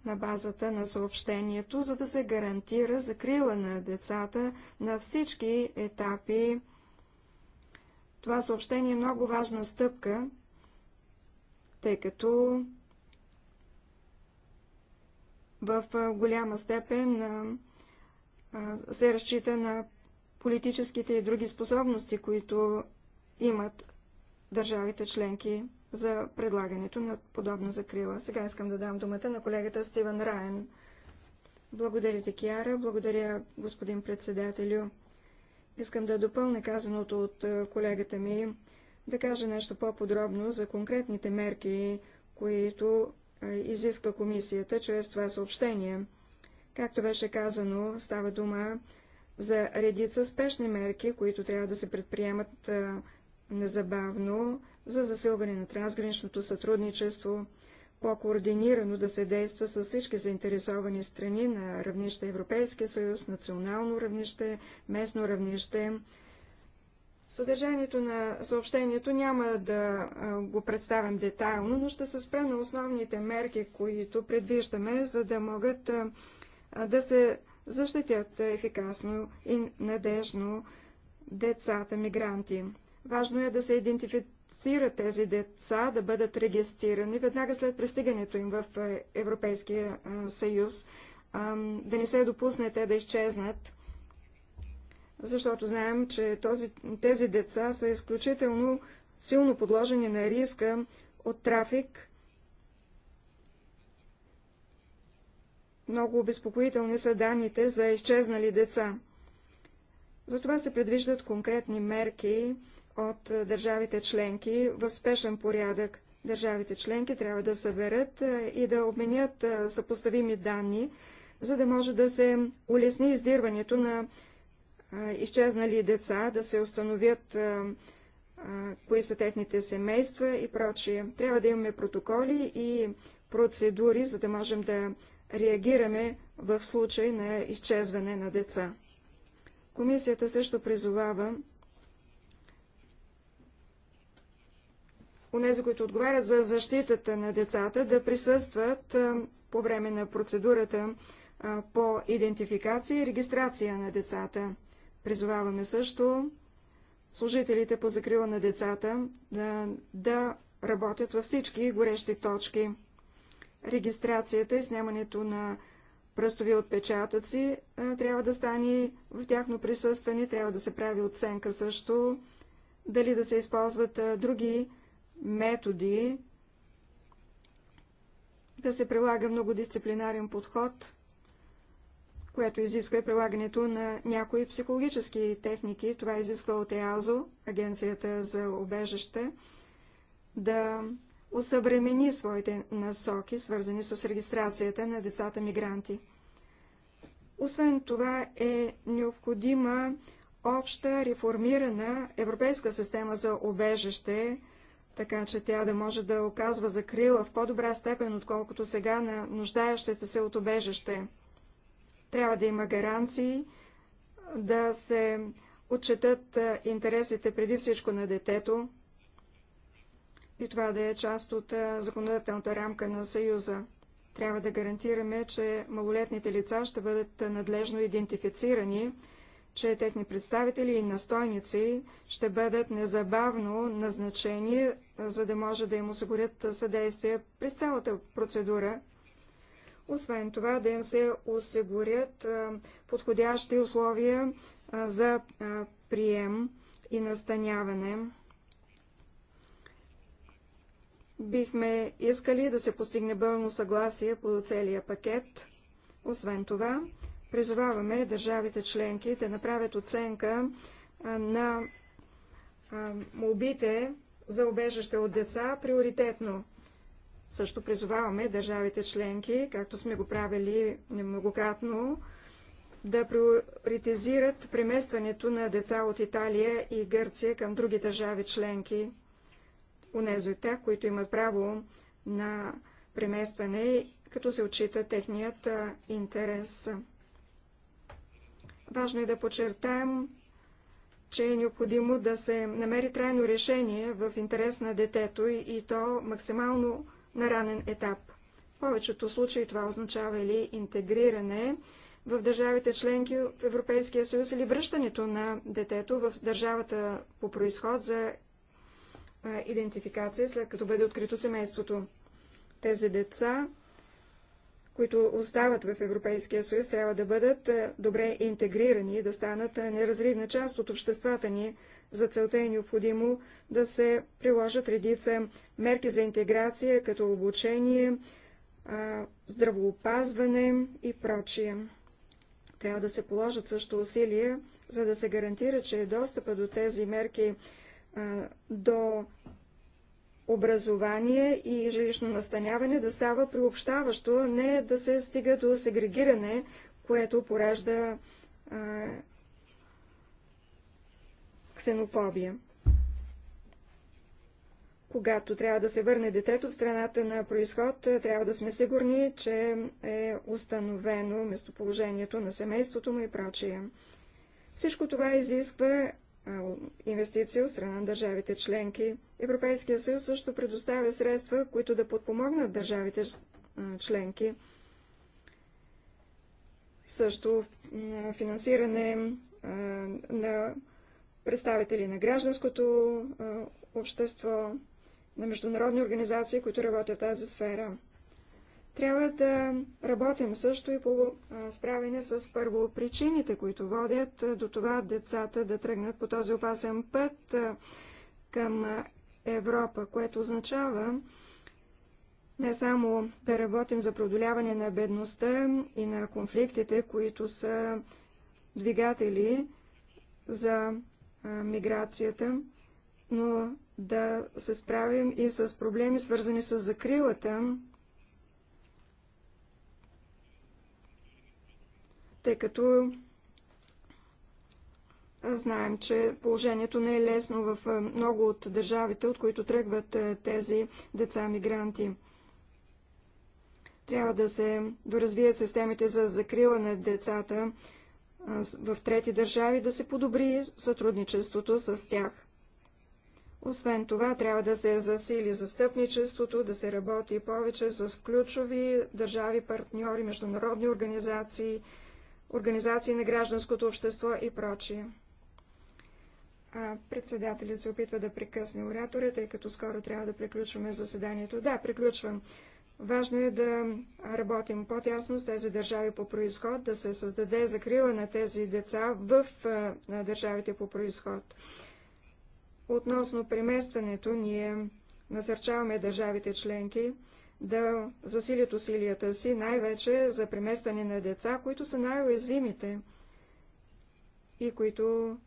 на базата на съобщението, за да се гарантира закрила на децата на всички етапи. Това съобщение е много важна стъпка, тъй като в голяма степен се разчита на политическите и други способности, които имат държавите членки за предлагането на подобна закрила. Сега искам да дам думата на колегата Стивен Райен. Благодаря ти, Киара. Благодаря, господин председателю. Искам да допълня казаното от е, колегата ми, да кажа нещо по-подробно за конкретните мерки, които е, изисква комисията чрез това съобщение. Както беше казано, става дума за редица спешни мерки, които трябва да се предприемат е, незабавно за засилване на трансграничното сътрудничество, по-координирано да се действа с всички заинтересовани страни на равнище Европейския съюз, национално равнище, местно равнище. Съдържанието на съобщението няма да го представям детайлно, но ще се спра на основните мерки, които предвиждаме, за да могат да се защитят ефикасно и надежно децата мигранти. Важно е да се идентифицират тези деца, да бъдат регистрирани веднага след пристигането им в е, Европейския е, съюз, да не се допусне те да изчезнат, защото знаем, че този, тези деца са изключително силно подложени на риска от трафик. Много обезпокоителни са данните за изчезнали деца. Затова се предвиждат конкретни мерки, от е, държавите членки в спешен порядък. Държавите членки трябва да съберат е, и да обменят е, съпоставими данни, за да може да се улесни издирването на изчезнали деца, да се установят кои са техните семейства и прочие. Трябва да имаме протоколи и процедури, за да можем да реагираме в случай на изчезване на деца. Комисията също призовава онези, които отговарят за защитата на децата, да присъстват по време на процедурата по идентификация и регистрация на децата. Призоваваме също служителите по закрила на децата да, да работят във всички горещи точки. Регистрацията и снимането на пръстови отпечатъци трябва да стане в тяхно присъстване, трябва да се прави оценка също, дали да се използват други методи, да се прилага многодисциплинарен подход, което изисква и прилагането на някои психологически техники. Това изисква от ЕАЗО, Агенцията за обежище, да усъвремени своите насоки, свързани с регистрацията на децата мигранти. Освен това е необходима обща реформирана европейска система за обежище, така че тя да може да оказва закрила в по-добра степен, отколкото сега на нуждаещите се от обежище. Трябва да има гаранции, да се отчетат интересите преди всичко на детето и това да е част от законодателната рамка на Съюза. Трябва да гарантираме, че малолетните лица ще бъдат надлежно идентифицирани, че техни представители и настойници ще бъдат незабавно назначени за да може да им осигурят съдействие при цялата процедура. Освен това, да им се осигурят подходящи условия за прием и настаняване. Бихме искали да се постигне бълно съгласие по целия пакет. Освен това, призоваваме държавите членки да направят оценка на молбите за обежище от деца приоритетно. Също призоваваме държавите членки, както сме го правили многократно, да приоритизират преместването на деца от Италия и Гърция към други държави членки, унези от тях, които имат право на преместване, като се отчита техният интерес. Важно е да подчертаем че е необходимо да се намери трайно решение в интерес на детето и то максимално на ранен етап. В повечето случаи това означава или интегриране в държавите членки в Европейския съюз или връщането на детето в държавата по происход за идентификация, след като бъде открито семейството. Тези деца които остават в Европейския съюз, трябва да бъдат е, добре интегрирани и да станат е, неразривна част от обществата ни. За целта е необходимо да се приложат редица мерки за интеграция, като обучение, е, здравоопазване и прочие. Трябва да се положат също усилия, за да се гарантира, че достъпа до тези мерки до образование и жилищно настаняване да става приобщаващо, не да се стига до сегрегиране, което поражда а, ксенофобия. Когато трябва да се върне детето в страната на происход, трябва да сме сигурни, че е установено местоположението на семейството му и прочие. Всичко това изисква инвестиции от страна на държавите членки. Европейския съюз също предоставя средства, които да подпомогнат държавите членки. Също финансиране на представители на гражданското общество, на международни организации, които работят в тази сфера. Трябва да работим също и по справяне с първо причините, които водят до това децата да тръгнат по този опасен път към Европа, което означава не само да работим за продоляване на бедността и на конфликтите, които са двигатели за миграцията, но да се справим и с проблеми, свързани с закрилата тъй като знаем, че положението не е лесно в много от държавите, от които тръгват тези деца-мигранти. Трябва да се доразвият системите за закрила на децата в трети държави, да се подобри сътрудничеството с тях. Освен това, трябва да се засили застъпничеството, да се работи повече с ключови държави, партньори, международни организации, организации на гражданското общество и прочие. Председателят се опитва да прекъсне оратора, тъй като скоро трябва да приключваме заседанието. Да, приключвам. Важно е да работим по-тясно с тези държави по происход, да се създаде закрила на тези деца в на държавите по происход. Относно преместването, ние насърчаваме държавите членки да засилят усилията си, най-вече за преместване на деца, които са най-уязвимите и които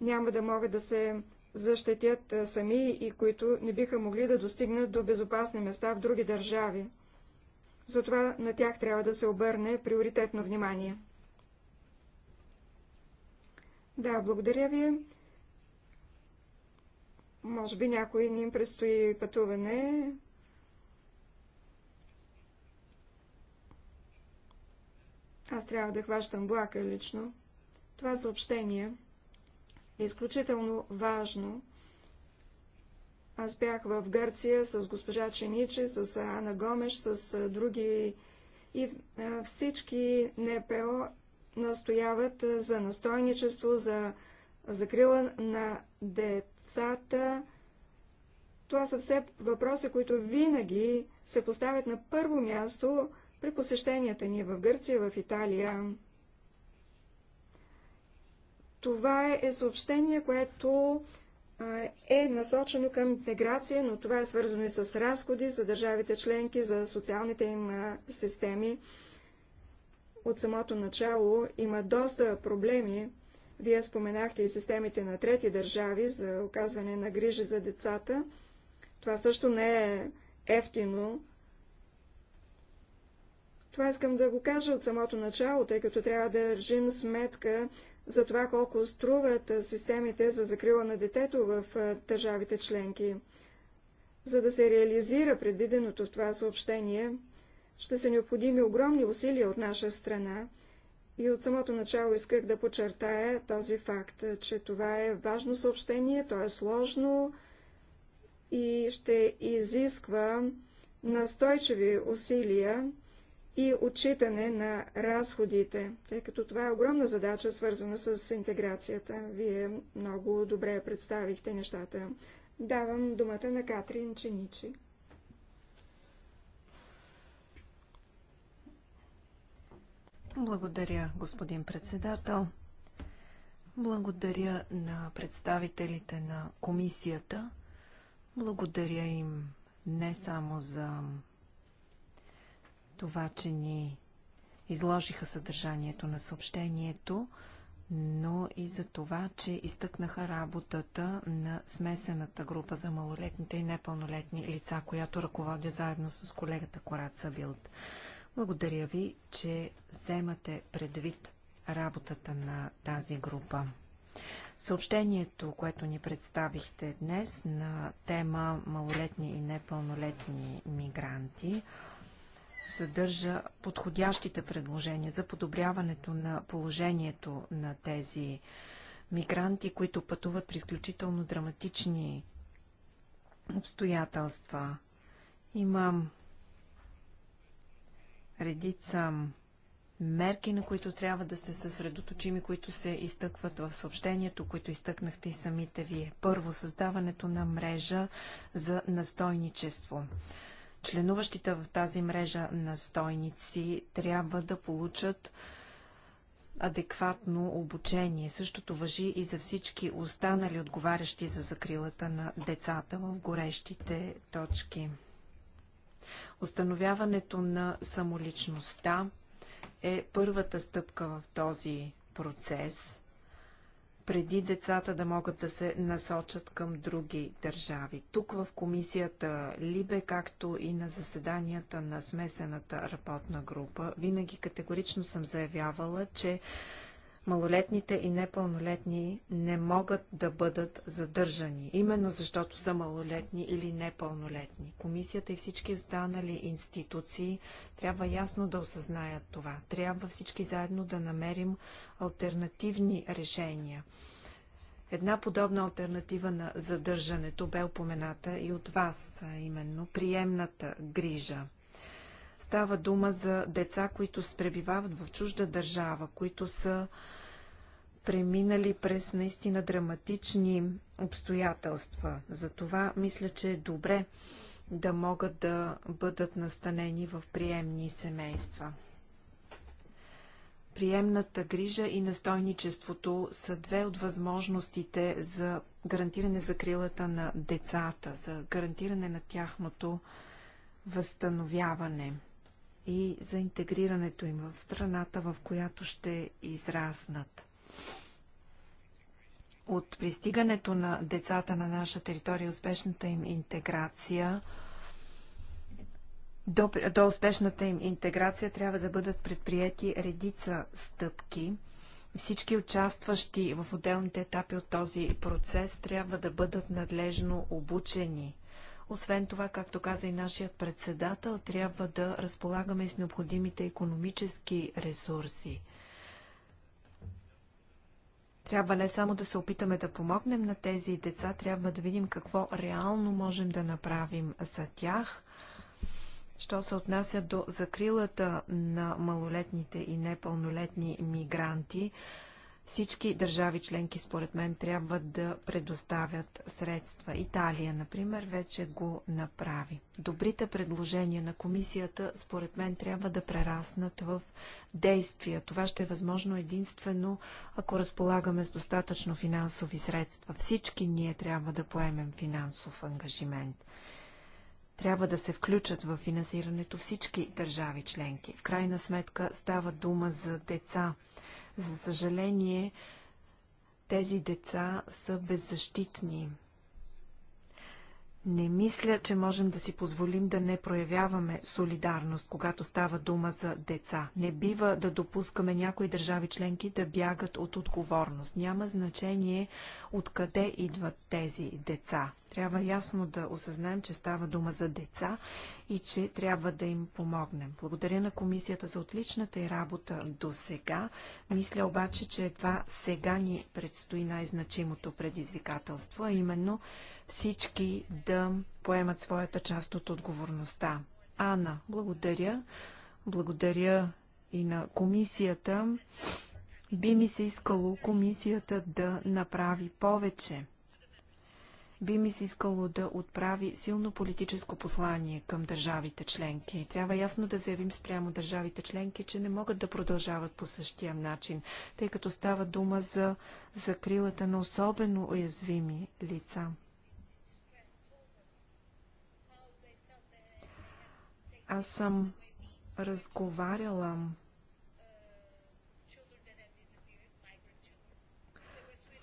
няма да могат да се защитят сами и които не биха могли да достигнат до безопасни места в други държави. Затова на тях трябва да се обърне приоритетно внимание. Да, благодаря ви. Може би някой ни им предстои пътуване Аз трябва да хващам влака лично. Това съобщение е изключително важно. Аз бях в Гърция с госпожа Ченичи, с Ана Гомеш, с други и всички НПО настояват за настойничество, за закрила на децата. Това са все въпроси, които винаги се поставят на първо място при посещенията ни в Гърция, в Италия, това е съобщение, което е насочено към интеграция, но това е свързано и с разходи за държавите членки, за социалните им системи. От самото начало има доста проблеми. Вие споменахте и системите на трети държави за оказване на грижи за децата. Това също не е ефтино, това искам да го кажа от самото начало, тъй като трябва да държим сметка за това колко струват системите за закрила на детето в държавите членки. За да се реализира предвиденото в това съобщение, ще са необходими огромни усилия от наша страна и от самото начало исках да подчертая този факт, че това е важно съобщение, то е сложно и ще изисква настойчиви усилия и отчитане на разходите, тъй като това е огромна задача, свързана с интеграцията. Вие много добре представихте нещата. Давам думата на Катрин Ченичи. Благодаря, господин председател. Благодаря на представителите на комисията. Благодаря им не само за това, че ни изложиха съдържанието на съобщението, но и за това, че изтъкнаха работата на смесената група за малолетните и непълнолетни лица, която ръководя заедно с колегата Кораца Билд. Благодаря ви, че вземате предвид работата на тази група. Съобщението, което ни представихте днес на тема малолетни и непълнолетни мигранти – съдържа подходящите предложения за подобряването на положението на тези мигранти, които пътуват при изключително драматични обстоятелства. Имам редица мерки, на които трябва да се съсредоточим и които се изтъкват в съобщението, които изтъкнахте и самите вие. Първо, създаването на мрежа за настойничество членуващите в тази мрежа настойници трябва да получат адекватно обучение. Същото въжи и за всички останали отговарящи за закрилата на децата в горещите точки. Остановяването на самоличността е първата стъпка в този процес – преди децата да могат да се насочат към други държави. Тук в комисията Либе, както и на заседанията на смесената работна група, винаги категорично съм заявявала, че малолетните и непълнолетни не могат да бъдат задържани, именно защото са малолетни или непълнолетни. Комисията и всички останали институции трябва ясно да осъзнаят това. Трябва всички заедно да намерим альтернативни решения. Една подобна альтернатива на задържането бе упомената и от вас, именно приемната грижа. Става дума за деца, които пребивават в чужда държава, които са преминали през наистина драматични обстоятелства. Затова мисля, че е добре да могат да бъдат настанени в приемни семейства. Приемната грижа и настойничеството са две от възможностите за гарантиране закрилата на децата, за гарантиране на тяхното възстановяване и за интегрирането им в страната, в която ще израснат от пристигането на децата на наша територия, успешната им интеграция, до, до успешната им интеграция трябва да бъдат предприяти редица стъпки. Всички участващи в отделните етапи от този процес трябва да бъдат надлежно обучени. Освен това, както каза и нашият председател, трябва да разполагаме с необходимите економически ресурси – трябва не само да се опитаме да помогнем на тези деца, трябва да видим какво реално можем да направим за тях. Що се отнася до закрилата на малолетните и непълнолетни мигранти, всички държави членки, според мен, трябва да предоставят средства. Италия, например, вече го направи. Добрите предложения на комисията, според мен, трябва да прераснат в действия. Това ще е възможно единствено, ако разполагаме с достатъчно финансови средства. Всички ние трябва да поемем финансов ангажимент трябва да се включат в финансирането всички държави членки. В крайна сметка става дума за деца. За съжаление, тези деца са беззащитни. Не мисля, че можем да си позволим да не проявяваме солидарност, когато става дума за деца. Не бива да допускаме някои държави членки да бягат от отговорност. Няма значение откъде идват тези деца. Трябва ясно да осъзнаем, че става дума за деца и че трябва да им помогнем. Благодаря на комисията за отличната и работа до сега. Мисля обаче, че едва сега ни предстои най-значимото предизвикателство, а именно всички да поемат своята част от отговорността. Ана, благодаря. Благодаря и на комисията. Би ми се искало комисията да направи повече. Би ми се искало да отправи силно политическо послание към държавите членки. Трябва ясно да заявим спрямо държавите членки, че не могат да продължават по същия начин, тъй като става дума за закрилата на особено уязвими лица. Аз съм разговаряла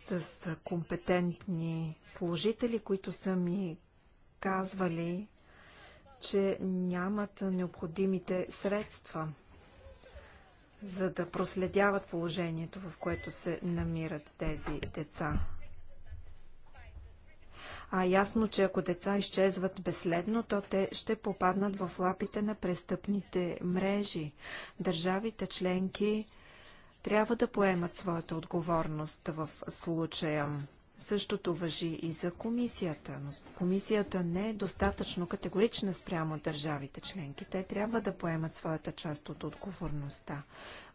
с компетентни служители, които са ми казвали, че нямат необходимите средства, за да проследяват положението, в което се намират тези деца. А ясно, че ако деца изчезват безследно, то те ще попаднат в лапите на престъпните мрежи. Държавите членки трябва да поемат своята отговорност в случая. Същото въжи и за комисията, но комисията не е достатъчно категорична спрямо държавите членки. Те трябва да поемат своята част от отговорността.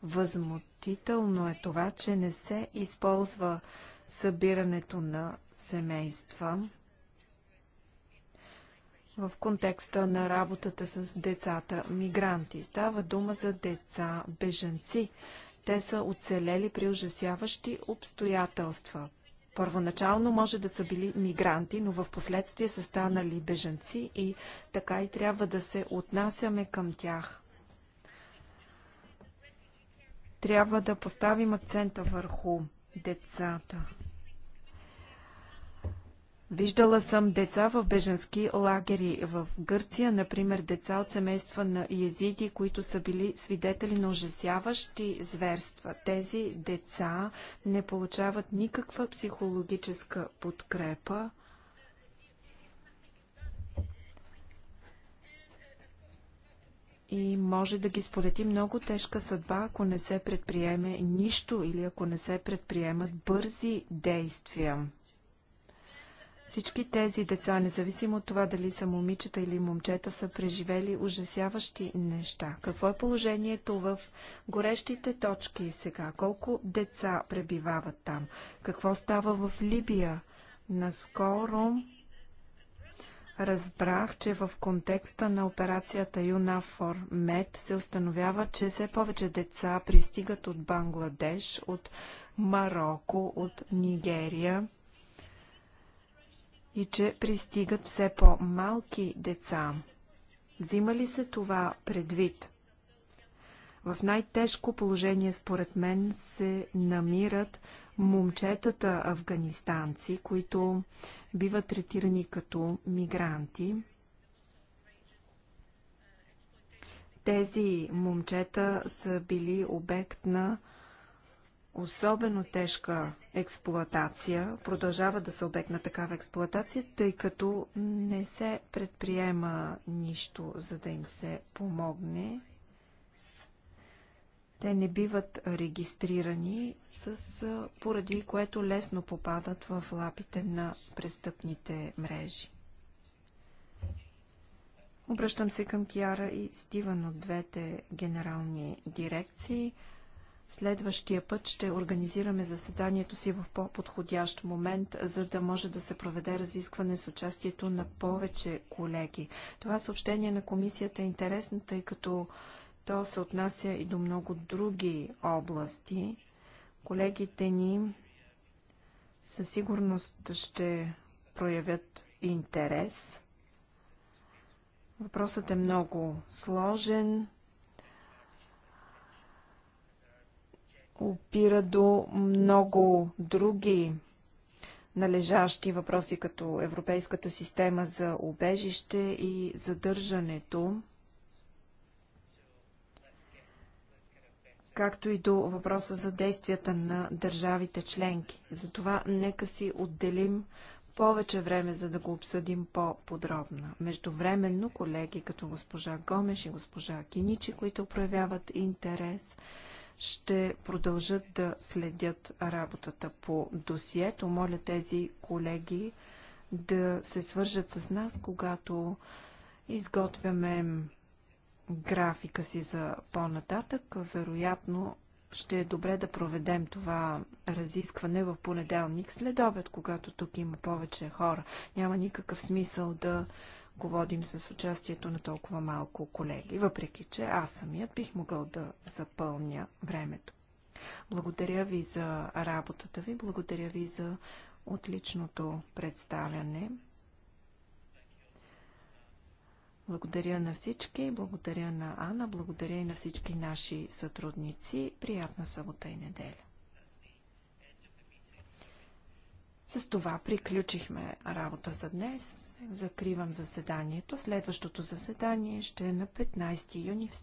Възмутително е това, че не се използва събирането на семейства в контекста на работата с децата мигранти. Става дума за деца бежанци. Те са оцелели при ужасяващи обстоятелства. Първоначално може да са били мигранти, но в последствие са станали бежанци и така и трябва да се отнасяме към тях. Трябва да поставим акцента върху децата. Виждала съм деца в беженски лагери в Гърция, например деца от семейства на езиди, които са били свидетели на ужасяващи зверства. Тези деца не получават никаква психологическа подкрепа. и може да ги сполети много тежка съдба, ако не се предприеме нищо или ако не се предприемат бързи действия. Всички тези деца, независимо от това дали са момичета или момчета, са преживели ужасяващи неща. Какво е положението в горещите точки сега? Колко деца пребивават там? Какво става в Либия? Наскоро разбрах, че в контекста на операцията UNAFOR MED се установява, че все повече деца пристигат от Бангладеш, от Марокко, от Нигерия и че пристигат все по-малки деца. Взима ли се това предвид? В най-тежко положение, според мен, се намират момчетата афганистанци, които биват третирани като мигранти. Тези момчета са били обект на особено тежка експлоатация, продължава да са обект на такава експлоатация, тъй като не се предприема нищо, за да им се помогне. Те не биват регистрирани, с, поради което лесно попадат в лапите на престъпните мрежи. Обръщам се към Киара и Стиван от двете генерални дирекции – Следващия път ще организираме заседанието си в по-подходящ момент, за да може да се проведе разискване с участието на повече колеги. Това съобщение на комисията е интересно, тъй като то се отнася и до много други области. Колегите ни със сигурност ще проявят интерес. Въпросът е много сложен, опира до много други належащи въпроси, като Европейската система за убежище и задържането, както и до въпроса за действията на държавите членки. Затова нека си отделим повече време, за да го обсъдим по-подробно. Междувременно колеги като госпожа Гомеш и госпожа Киничи, които проявяват интерес – ще продължат да следят работата по досието. Моля тези колеги да се свържат с нас, когато изготвяме графика си за по-нататък. Вероятно ще е добре да проведем това разискване в понеделник след обед, когато тук има повече хора. Няма никакъв смисъл да го водим с участието на толкова малко колеги, въпреки че аз самият бих могъл да запълня времето. Благодаря ви за работата ви, благодаря ви за отличното представяне. Благодаря на всички, благодаря на Ана, благодаря и на всички наши сътрудници. Приятна събота и неделя! С това приключихме работа за днес. Закривам заседанието. Следващото заседание ще е на 15 юни в страна.